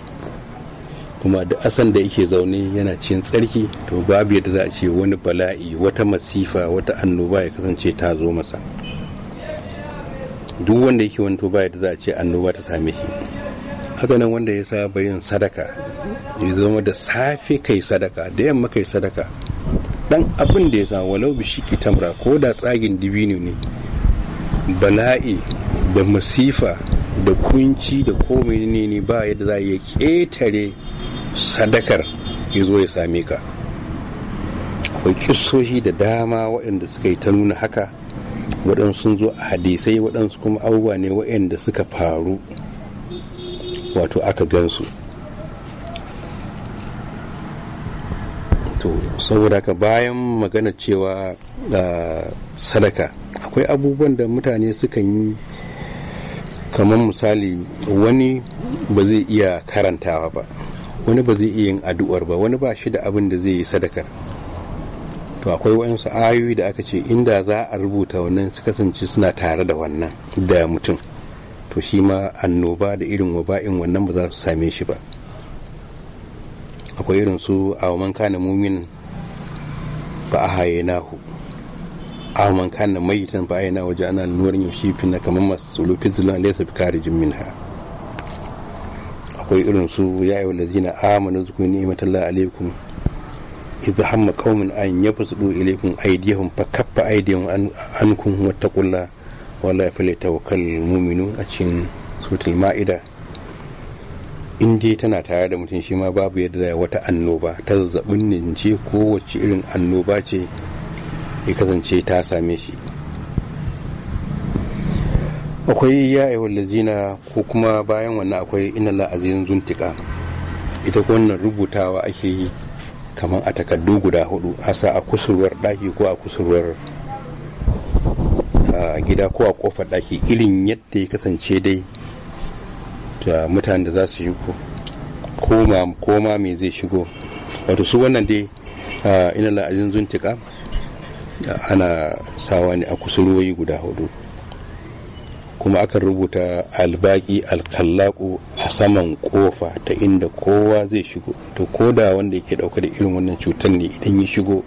kuma da asan da yake zaune yana cikin tsarki to babu yadda za a ce wani bala'i wata masifa wata annoba ya kasance ta zo masa duk wanda yake wani to ba yadda za a ce annoba ta same shi haka nan wanda ya saba yin sadaka ya zama da safe kai sadaka da yamma kai sadaka dan abin da ya sa walau bishiki tamra ko da tsagin dibino ne bala'i da masifa da kunci da komai ne ne ba yadda za a ya ketare sadakar ya zo ya same ka akwai kissoshi da dama waɗanda suka yi ta nuna haka waɗansu sun zo a hadisai waɗansu kuma abubuwa ne waɗanda suka faru wato aka gansu to saboda ka bayan magana cewa sadaka akwai abubuwan da mutane sukan yi kamar misali wani ba zai iya karantawa ba wani ba zai iya yin addu'ar ba wani ba shi da abin da zai yi sadakar to akwai waɗansu ayoyi da aka ce inda za a rubuta wannan su kasance suna tare da wannan da mutum to shi ma annoba da irin waba'in wannan ba za su same shi ba akwai irin su awaman kana mumin ba a haye nahu awaman kana mayitan ba a yi nahu ana nuwar fi na kamar masu tsulu fizila lesa fi kare jimmin ha akwai irin su ya yi zina amanu zuku ni'matallah alaikum idza hamma qaumin an yabsudu ilaykum aydiyahum fa kaffa aydiyahum ankum wattaqullah wallahi fa tawakkal mu'minun a cikin sutul ma'ida in tana tare da mutum shi ma babu yadda zai wata annoba ta zazzabin ne ce kowace irin annoba ce ya kasance ta same shi akwai ya ayyuhal zina ko kuma bayan wannan akwai ina la zuntika ita ko wannan rubutawa ake yi kamar a takardu guda hudu a sa a kusurwar ɗaki ko a kusurwar a gida ko a kofar ɗaki irin yadda ya kasance dai da mutane da za su shigo ko ma me zai shigo wato su wannan dai ina la'azin zuntika ana sawa ne a kusurwoyi guda hudu kuma akan rubuta albaki alkallaku a saman kofa ta inda kowa zai shigo to koda wanda yake ɗauka da irin wannan cutar ne idan ya shigo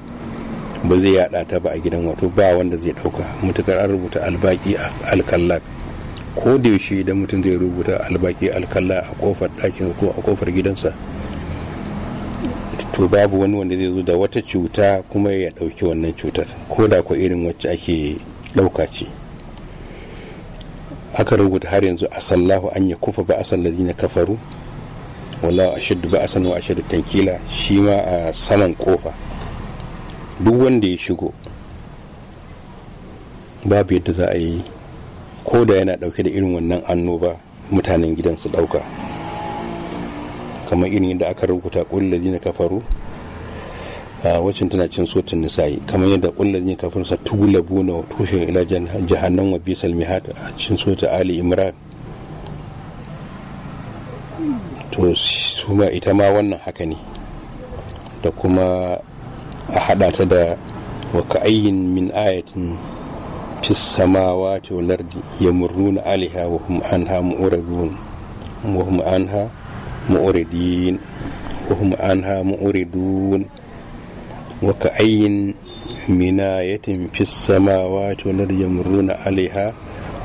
ba zai yada ta ba a gidan wato ba wanda zai dauka mutukar an rubuta albaki alkalla ko da yaushe idan mutum zai rubuta albaki alkalla a kofar ɗakin ko a kofar gidansa to babu wani wanda zai zo da wata cuta kuma ya dauki wannan cutar ko da ko irin wacce ake dauka ce aka rubuta har yanzu sallahu an ya kufa ba sallazi na kafaru wallahu ashaddu ba sanu wa ashaddu tankila shi ma a saman kofa duk wanda ya shigo babu yadda za a yi ko da yana dauke da irin wannan annoba mutanen gidan su dauka kamar irin yadda aka rubuta kullu na kafaru a wacin tana cin sotin nisa'i kamar yadda kullu ne kafaru sa tugulabu na tushen ila jahannan wa bisal mihad a cin sotin ali imran to su ma ita ma wannan haka ne da kuma a haɗa ta da waka'ayyin min ayatin fi samawati wal ardi yamurruna alaiha wa hum anha mu'ridun wa hum anha mu'ridin wa hum anha mu'ridun waka ka'ayyin min ayatin fi samawati wal ardi yamurruna alaiha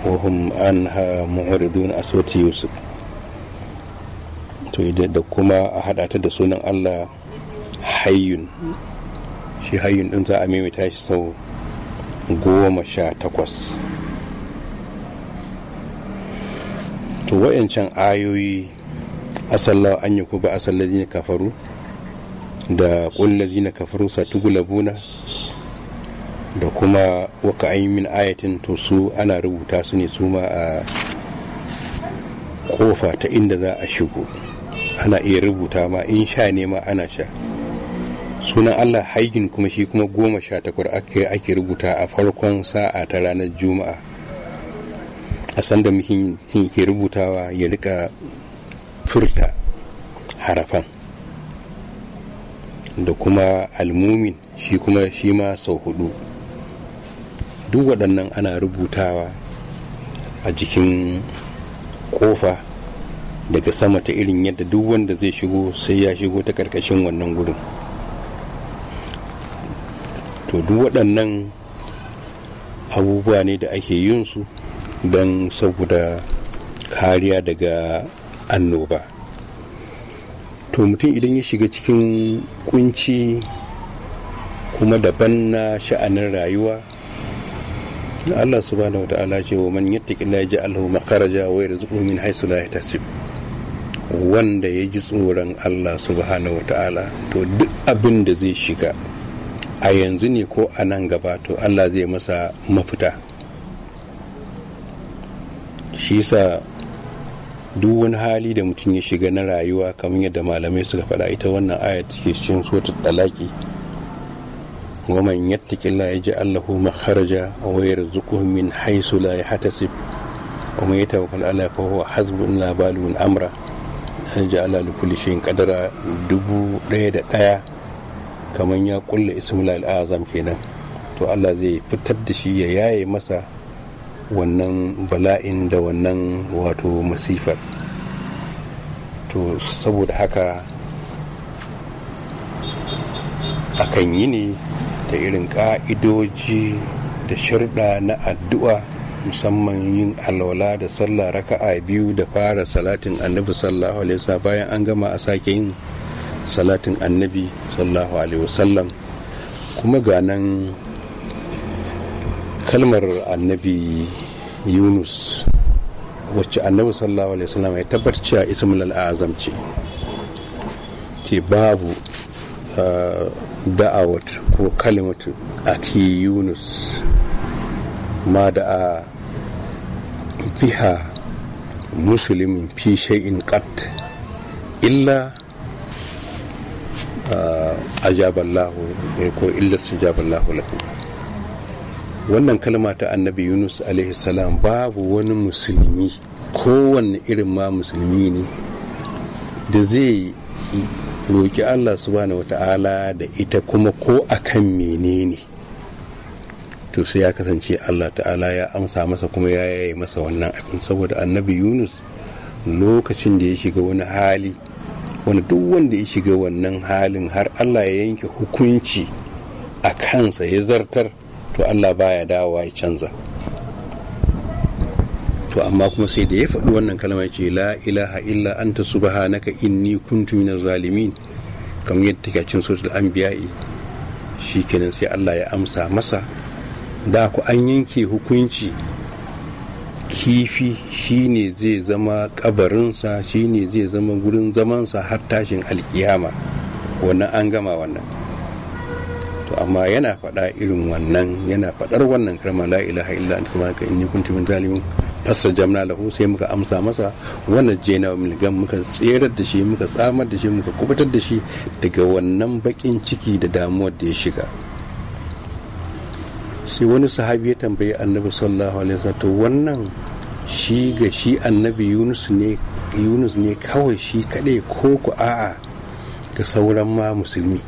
wa hum anha mu'ridun aswati yusuf to da kuma a hada ta da sunan Allah hayyun shi hayin din za a maimaita shi sau goma sha takwas to wayancan ayoyi asallawa an yi ko ba asallazi na kafaru da kullazi na kafaru satugulabuna da kuma waka an min ayatin to su ana rubuta su ne su ma a kofa ta inda za a shigo ana iya rubuta ma in sha ne ma ana sha sunan allah haigin kuma shi kuma goma sha takwar ake ake rubuta a farkon sa'a ta ranar juma'a a sanda mutum ke rubutawa ya rika furta harafan da kuma almumin shi kuma shi ma sau hudu duk waɗannan ana rubutawa a jikin kofa daga sama ta irin yadda duk wanda zai shigo sai ya shigo ta ƙarƙashin wannan gudun to duk waɗannan abubuwa ne da ake yin su don saboda kariya daga annoba to mutum idan ya shiga cikin kunci kuma daban na sha'anin rayuwa Allah subhanahu wa ta'ala ce wa man yattaqilla yaj'alhu makharaja wa yarzuquhu min haythu la yahtasib wanda ya ji tsoron Allah subhanahu wa ta'ala to duk abin da zai shiga a yanzu ne ko a nan gaba to allah zai masa mafita shi sa duk wani hali da mutum ya shiga na rayuwa kamar yadda malamai suka faɗa ita wannan aya take cikin sota talaki waman yattaqilla yaji allahu makharaja wa wayar min haythu la sif kuma ya yatawakkal ala fa huwa in la balu amra ja'ala li kulli shay'in kadara dubu ɗaya da ɗaya kamar ya kulla ismul al'azam kenan to Allah zai fitar da shi ya yaye masa wannan bala'in da wannan wato masifar to saboda haka akan yi ne da irin ka'idoji da shirɗa na addu'a musamman yin alwala da sallah raka'a biyu da fara salatin annabi sallallahu alaihi bayan an gama a sake yin salatin annabi sallallahu alaihi wasallam kuma ga nan kalmar annabi yunus wacce annabi sallallahu alaihi wasallam ya tabbatar cewa ismul al'azam ce ke babu uh, da'awat ko kalimatu ati yunus ma da'a biha musulmin fi shay'in qat illa uh, ajaballahu ko illar sujaballahu lahu wannan kalma ta annabi yunus alaihi salam babu wani musulmi kowanne irin ma musulmi ne da zai roƙi allah subhanahu wata'ala da ita kuma ko akan menene to sai ya kasance allah ta'ala ya amsa masa kuma ya yi masa wannan abin saboda annabi yunus lokacin da ya shiga wani hali wanda duk wanda ya shiga wannan halin har Allah ya yanke hukunci a kansa ya zartar to Allah baya dawowa ya canza to amma kuma sai da ya faɗi wannan kalmar ce la ilaha illa anta subhanaka inni kuntu minaz zalimin kamar yadda take cikin suratul Shi shikenan sai Allah ya amsa masa da ku an yanke hukunci kifi shine zai zama kabarinsa shine zai zama gurin zamansa har tashin alkiyama wannan an gama wannan to amma yana faɗa irin wannan yana faɗar wannan karma la ilaha illa anta subhanaka inni kuntu min zalimin jamna lahu sai muka amsa masa wannan jena min gam muka tserar da shi muka tsamar da shi muka kubutar da shi daga wannan bakin ciki da damuwar da ya shiga sai wani sahabi ya tambayi annabi sallallahu alaihi wasallam to wannan shi ga shi annabi yunus ne yunus ne kawai shi kaɗai ko ku a'a ga sauran ma musulmi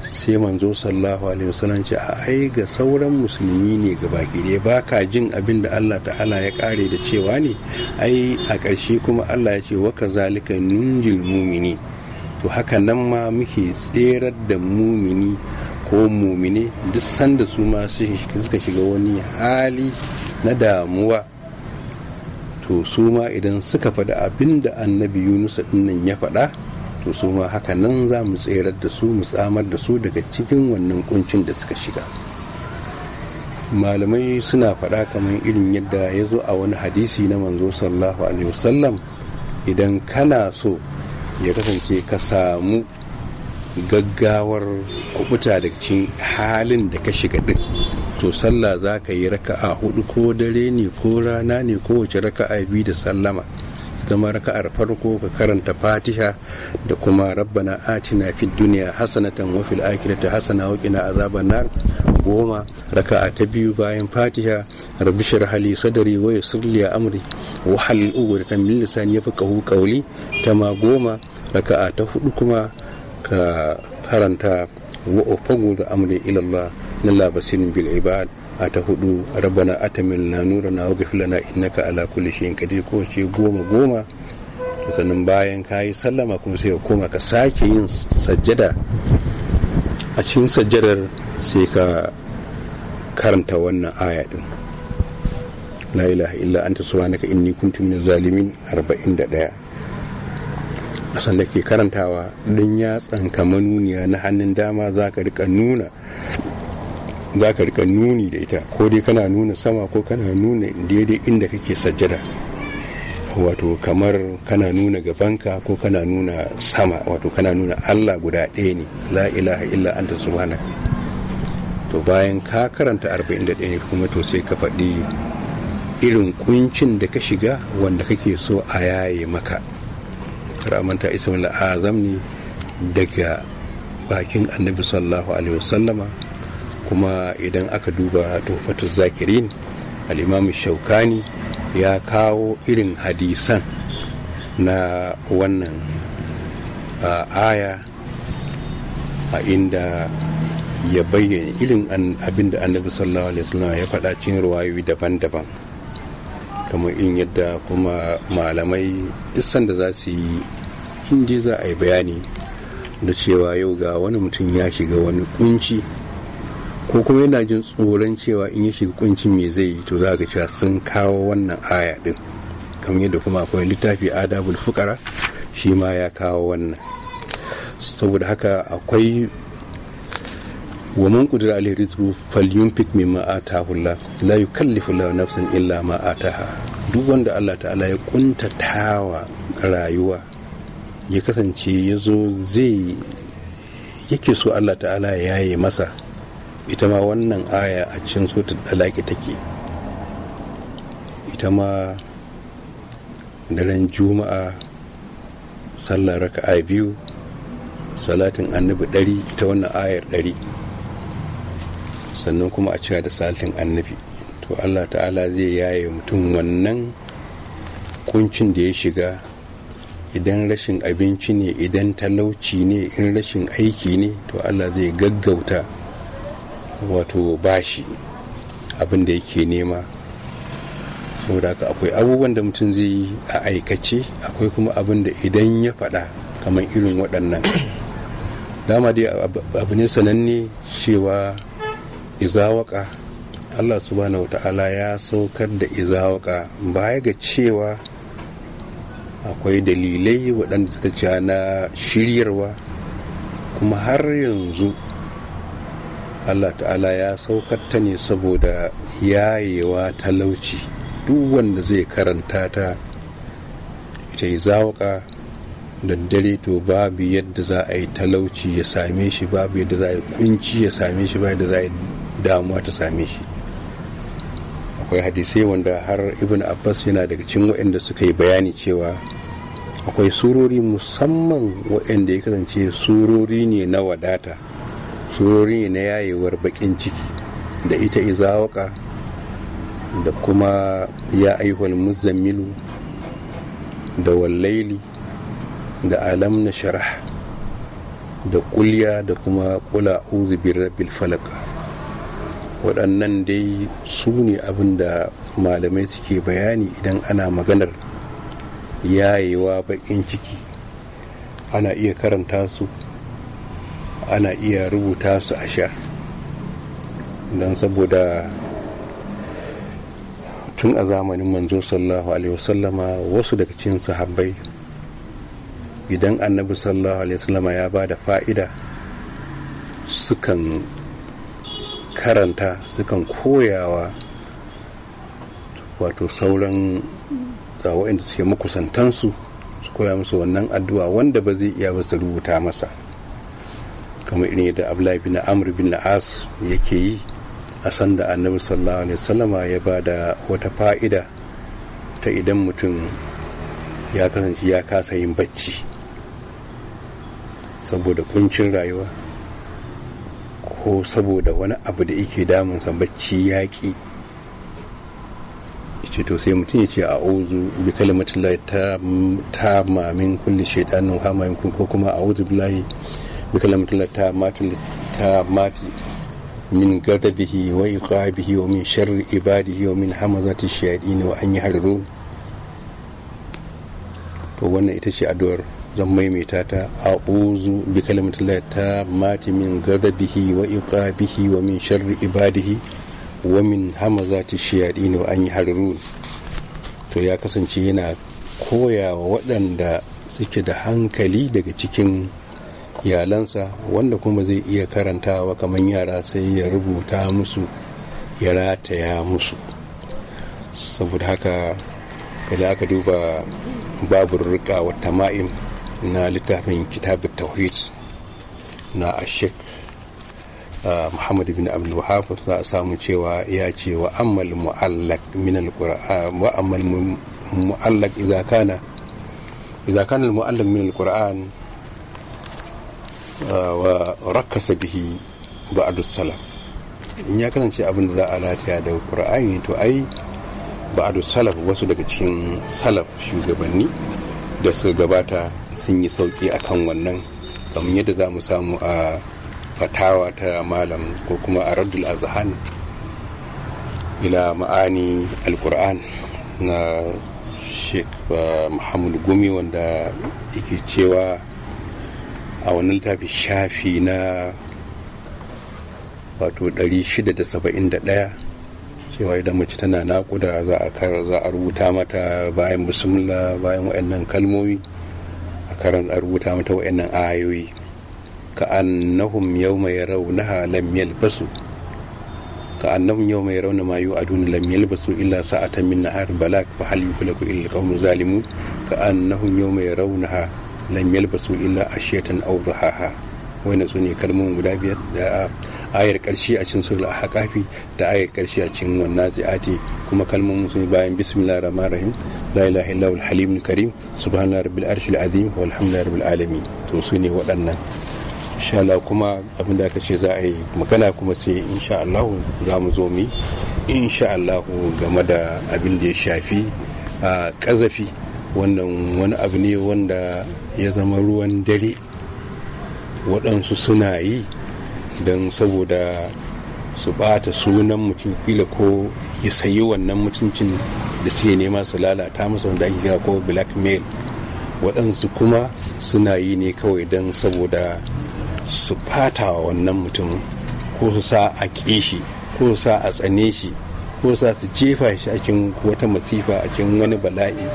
sai manzo sallallahu alaihi wasallam ce a ai ga sauran musulmi ne ga baki ne ba ka jin abin da Allah ta'ala ya kare da cewa ne ai a ƙarshe kuma Allah ya ce wa kazalika nunjil mumini to haka nan ma muke tserar da mumini ko mumine duk sanda su ma suka shiga wani hali na damuwa to su ma idan suka faɗi abin da annabi yunusa dinnan ya faɗa to su ma haka nan za mu tserar da su mu tsamar da su daga cikin wannan kuncin da suka shiga malamai suna faɗa kamar irin yadda ya zo a wani hadisi na manzo sallallahu alaihi wasallam idan kana so ya kasance ka samu gaggawar kubuta daga cikin halin da ka shiga din to sallah za ka yi raka'a hudu ko dare ne ko rana ne kowace raka'a biyu da sallama zama raka'ar farko ka karanta fatiha da kuma rabbana atina fi duniya hasanatan wa fil akhirati hasana wa qina azaban nar goma raka'a ta biyu bayan fatiha rabbi shrah li sadri wa yassir li amri wa halul uqdatan min qawli tama goma raka'a ta hudu kuma ka karanta wa ufagu da amri ilallah na labasin bil ibad a ta hudu rabana atamin na nura na waga filana innaka ala kulli shay'in qadir ko ce goma goma sannan bayan ka yi sallama kuma sai ka koma ka sake yin sajjada a cikin sajjadar sai ka karanta wannan aya din la ilaha illa anta subhanaka inni kuntu min zalimin 41 sanda ke karantawa don yatsan tsanka manuniya na hannun dama za ka rika nuna nuni da ita ko dai kana nuna sama ko kana nuna daidai inda kake sajjada wato kamar kana nuna gabanka ko kana nuna sama wato kana nuna allah guda ɗaya ne la ilaha illa anta subhanaka to bayan ka karanta 41 kuma to sai ka faɗi irin kuncin da ka shiga wanda kake so a yaye maka ramanta ismail azam ne daga bakin annabi sallallahu alaihi wasallama kuma idan aka duba tofatu zakirin al'imamu shaukani ya kawo irin hadisan na wannan uh, aya a inda ya bayyana irin abinda annabi sallallahu alaihi wasallam ya faɗa cikin ruwayoyi daban-daban kamar in yadda kuma malamai duk sanda za su yi je za a yi bayani da cewa yau ga wani mutum ya shiga wani kunci ko kuma yana jin tsoron cewa in ya shiga kunci me zai yi to za ga cewa sun kawo wannan aya din kamar yadda kuma akwai littafi adabul fukara shi ma ya kawo wannan saboda haka akwai wa man qudira alaihi rizqu falyunfik mimma atahu Allah la yukallifu Allah nafsan illa ma duk wanda Allah ta'ala ya tawa rayuwa ya kasance yazo zo zai yake so Allah ta'ala ya yi masa ita ma wannan aya a cikin sotar dalaki take ita ma daren juma'a sallar raka'a biyu salatin annabi ɗari ita wannan ayar ɗari sannan kuma a cewa da salatin annabi to allah ta'ala zai yaye mutum wannan kuncin da ya shiga idan rashin abinci ne idan talauci ne in rashin aiki ne to allah zai gaggauta wato bashi abin da yake nema saboda haka akwai abubuwan da mutum zai yi a aikace akwai kuma abin da idan ya faɗa kamar irin waɗannan dama dai abu ne sananne cewa izawaka allah subhanahu wata'ala ya saukar da izawaka baya ga cewa akwai dalilai waɗanda suka cewa na shiryarwa kuma har yanzu allah ta'ala ya saukar ta ne saboda yayewa talauci duk wanda zai karanta ta ita izawaka daddare to babu yadda za a yi talauci ya same shi babu yadda za a yi kunci ya same shi babu yadda za a yi damuwa ta same shi akwai hadisai wanda har ibn abbas yana daga cikin waɗanda suka yi bayani cewa akwai surori musamman waɗanda ya kasance surori ne na wadata surori ne na yayewar baƙin ciki da ita izawaka da kuma ya aihuwar muzammilu da wallaili da alam na shara da kulya da kuma kula uzubin rabbil falaka waɗannan dai su ne abin da malamai suke bayani idan ana maganar yayewa baƙin ciki ana iya karanta su ana iya rubuta su a sha don saboda tun a zamanin manzo sallallahu alaihi wasallama wasu daga cikin sahabbai idan annabi sallallahu alaihi wasallama ya ba da fa'ida sukan karanta sukan koyawa wato sauran waɗanda suke makusantansu su koya musu wannan addu'a wanda ba zai iya ba su rubuta masa kamar irin yadda abdullahi bin amr bin la'as yake yi a sanda annabi sallallahu alaihi wasallama ya ba da wata fa'ida ta idan mutum ya kasance ya kasa yin bacci saboda kuncin rayuwa ko saboda wani abu da yake damun sa bacci yaƙi ce to sai mutum ya ce a ozu bi kalimatin lahi ta mamin kulli shaidanin hamayin kun ko kuma a ozu bilahi bi kalimatin lahi ta matin ta mati min gadabihi wa iqabihi wa min sharri ibadihi wa min hamazati shayadin wa an yi harru to wannan ita ce addu'ar zan maimaita ta a a'udhu bi ta mati min bihi wa bihi wa min sharri ibadihi wa min hama shi yaɗi ne wa an yahrun to ya kasance yana koya wa waɗanda suke da hankali daga cikin yalansa wanda kuma zai iya karantawa kamar yara sai ya rubuta musu ya rataya musu saboda haka kada aka duba babu rika wa tama'im na littafin kitabin tawhid na ashik ah, muhammad bin abdul wahab za a samu cewa ya ce wa ammal mu'allaq min alquran wa ammal mu'allaq idza kana idza kana almu'allaq min qur'an ah, wa rakasa bihi as salaf in ya kasance abin da za a lafiya da qur'ani to ai as salaf wasu daga cikin salaf shugabanni da su gabata sun yi sauki a kan wannan kamar yadda za mu samu a fatawa ta malam ko kuma a raddul azhan ila ma'ani alkur'an na sheik uh, muhammadu gumi wanda yake cewa a wannan littafi shafi na wato 671 cewa idan mace tana naƙuda za a kar za a rubuta mata bayan bismillah bayan wayannan kalmomi a karan a rubuta mata wayannan ayoyi ka annahum yawma yarawnaha lam yalbasu ka annahum yawma yarawna ma yu'adun lam yalbasu illa sa'atan min nahar balak fa hal yuhlaku illa qawmu zalimun ka annahum yawma yarawnaha lam yalbasu illa ashiyatan aw dhahaha wayna sunni kalmomin guda biyar da ayar karshe a cikin suratul ahqafi da ayar karshe a cikin wannan ziati kuma kalmomin sun bayan bismillahir rahmanir rahim la ilaha illallah halimul karim subhanallahi rabbil arshil azim walhamdulillahi rabbil alamin to su ne waɗannan insha Allah kuma abin da aka ce za a yi magana kuma sai insha Allah za mu zo mi insha Allah game da abin da ya shafi a kazafi wannan wani abu ne wanda ya zama ruwan dare waɗansu suna yi don saboda su bata sunan mutum kila ko ya sayi wannan mutuncin da suke nema su lalata masa wanda ake kira ko blackmail waɗansu kuma suna yi ne kawai don saboda su fata wa wannan mutum ko su sa a shi ko su sa a tsane shi ko su sa jefa shi a cikin wata masifa a cikin wani bala'i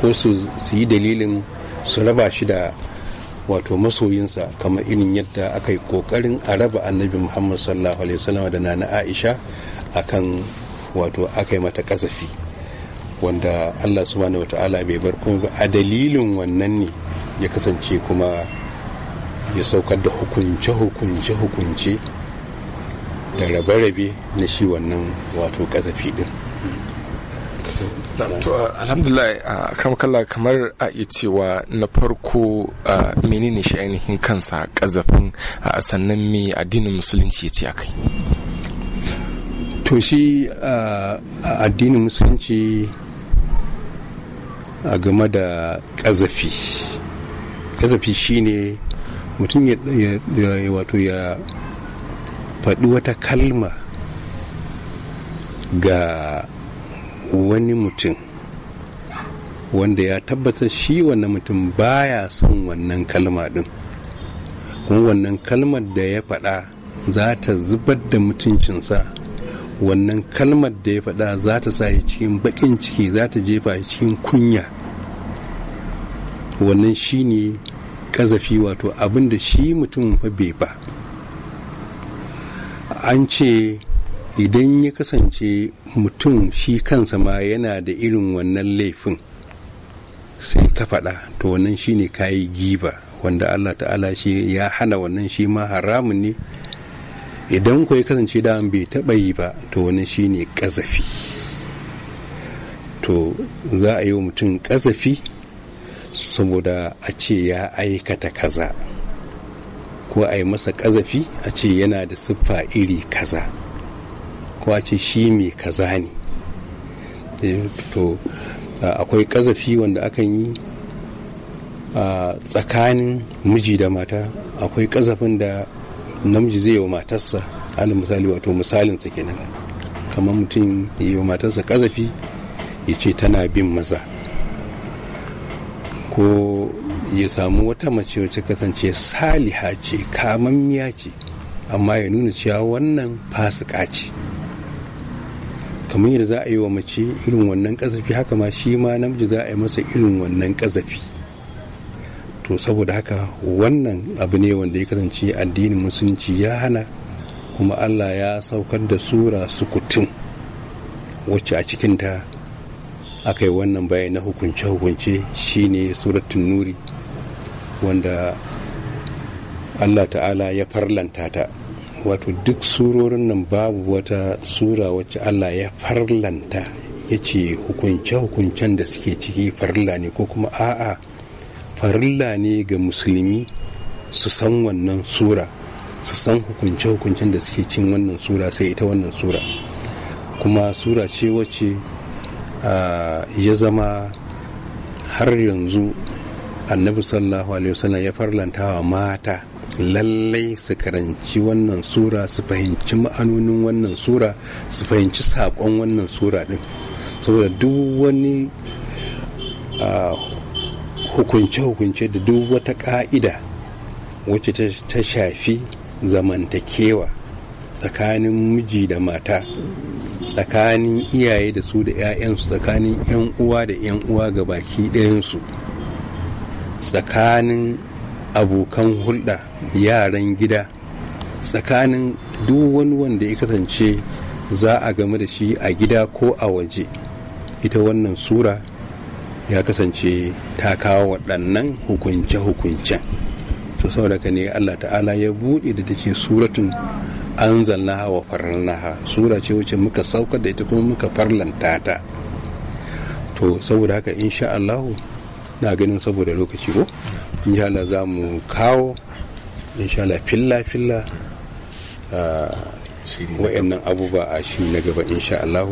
ko su yi dalilin su raba shi da wato masoyinsa kamar irin yadda aka yi kokarin a raba annabi muhammad sallallahu alaihi wasallam da nana aisha akan wato aka yi mata kasafi wanda allah subhanahu wataala bai bar kuma ba a dalilin wannan ne ya kasance kuma ya saukar da hukunce hukunce hukunce da rabe-rabe na shi wannan wato kasafi din to alhamdulillah a kalla kamar a iya cewa na farko menene shi ainihin kansa kazafin sannan me addinin musulunci ya ce a kai to shi addinin musulunci a game da kazafi kazafi ne mutum ya wato ya faɗi wata kalma ga wani mutum wanda ya tabbata shi wannan mutum baya son wannan kalma din kuma wannan kalmar da ya faɗa za ta zubar da mutuncinsa wannan kalmar da ya faɗa za ta sa shi cikin baƙin ciki za ta jefa shi cikin kunya wannan shi ne ƙazafi wato abin da shi mutum fa bai ba an ce idan ya kasance mutum shi kansa ma yana da irin wannan laifin sai ka faɗa to wannan shi ne kayi giba wanda allah ta'ala shi ya hana wannan shi ma haramun ne idan ku ya kasance da bai taɓa yi ba to wannan shi ne ƙazafi to za a yi wa mutum ƙazafi saboda a ce ya aikata kaza ko a yi masa ƙazafi a ce yana da siffa iri kaza kwace ce shi mai kaza ne eh, to akwai kazafi wanda akan yi a tsakanin miji da mata akwai kazafin da namiji zai yi wa matarsa alin misali wato misalin sa kenan kamar mutum yi wa matarsa kazafi ya ce tana bin maza ko ya samu wata mace wacce kasance saliha ce kamammiya ce amma ya nuna cewa wannan fasika ce kamar yadda za a yi wa mace irin wannan kazafi haka ma shi ma namiji za a yi masa irin wannan kazafi to saboda haka wannan abu ne wanda ya kasance addinin musulunci ya hana kuma allah ya saukar da sura sukutun wacce a cikinta aka yi wannan bayan na hukunce-hukunce shi ne suratun nuri wanda allah ta'ala ya farlanta ta wato duk surorin nan babu wata sura wacce allah ya farlanta ya ce hukunce-hukuncen da suke ciki farilla ne ko kuma a'a farilla ne ga musulmi su san wannan sura su san hukunce-hukuncen da suke cin wannan sura sai ita wannan sura kuma sura ce wacce ya zama har yanzu annabi sallallahu alaihi wasallam ya farlanta wa mata lallai su karanci wannan sura su fahimci ma'anonin wannan sura su fahimci saƙon wannan sura din saboda duk wani hukunce-hukunce da duk wata ƙa'ida wacce ta shafi zamantakewa tsakanin miji da mata tsakanin iyaye da su da 'ya'yansu tsakanin 'yan uwa da 'yan uwa ga baki ɗayansu tsakanin abokan hulɗa yaran gida tsakanin duk wani wanda ya kasance za a game da shi a gida ko a waje ita wannan sura ya kasance ta kawo waɗannan hukunce-hukuncen to saboda ne Allah ta'ala ya buɗe da take suratun anzalnaha wa faralnaha sura ce wacce muka sauka da ita kuma muka farlanta ta to saboda haka insha allahu na ganin saboda lokaci ko inshallah za mu kawo inshallah filla-filla wa'annan abubuwa a shi na gaba inshallah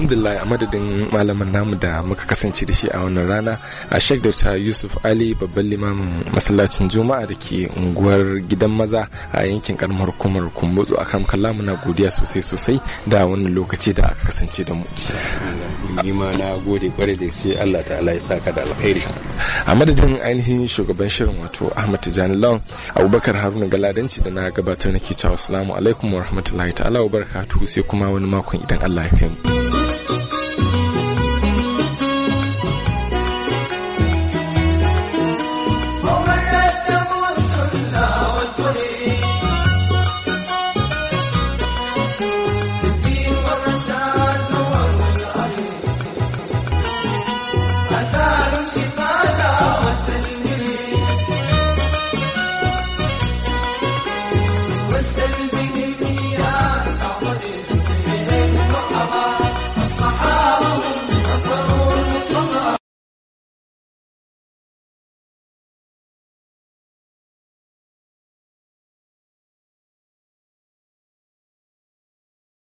alhamdulillah a madadin malamin namu da muka kasance da shi a wannan rana a da ta yusuf ali babban limamin masallacin juma'a da ke unguwar gidan maza a yankin karamar kumar kumbutsu a kan kalla muna godiya sosai sosai da wannan lokaci da aka kasance da mu ni na a madadin ainihin shugaban shirin wato Ahmad Tijani Lawan Abubakar Haruna Galadanci da na gabatar nake cewa assalamu alaikum wa rahmatullahi ta'ala wa barakatuhu sai kuma wani makon idan Allah ya kai mu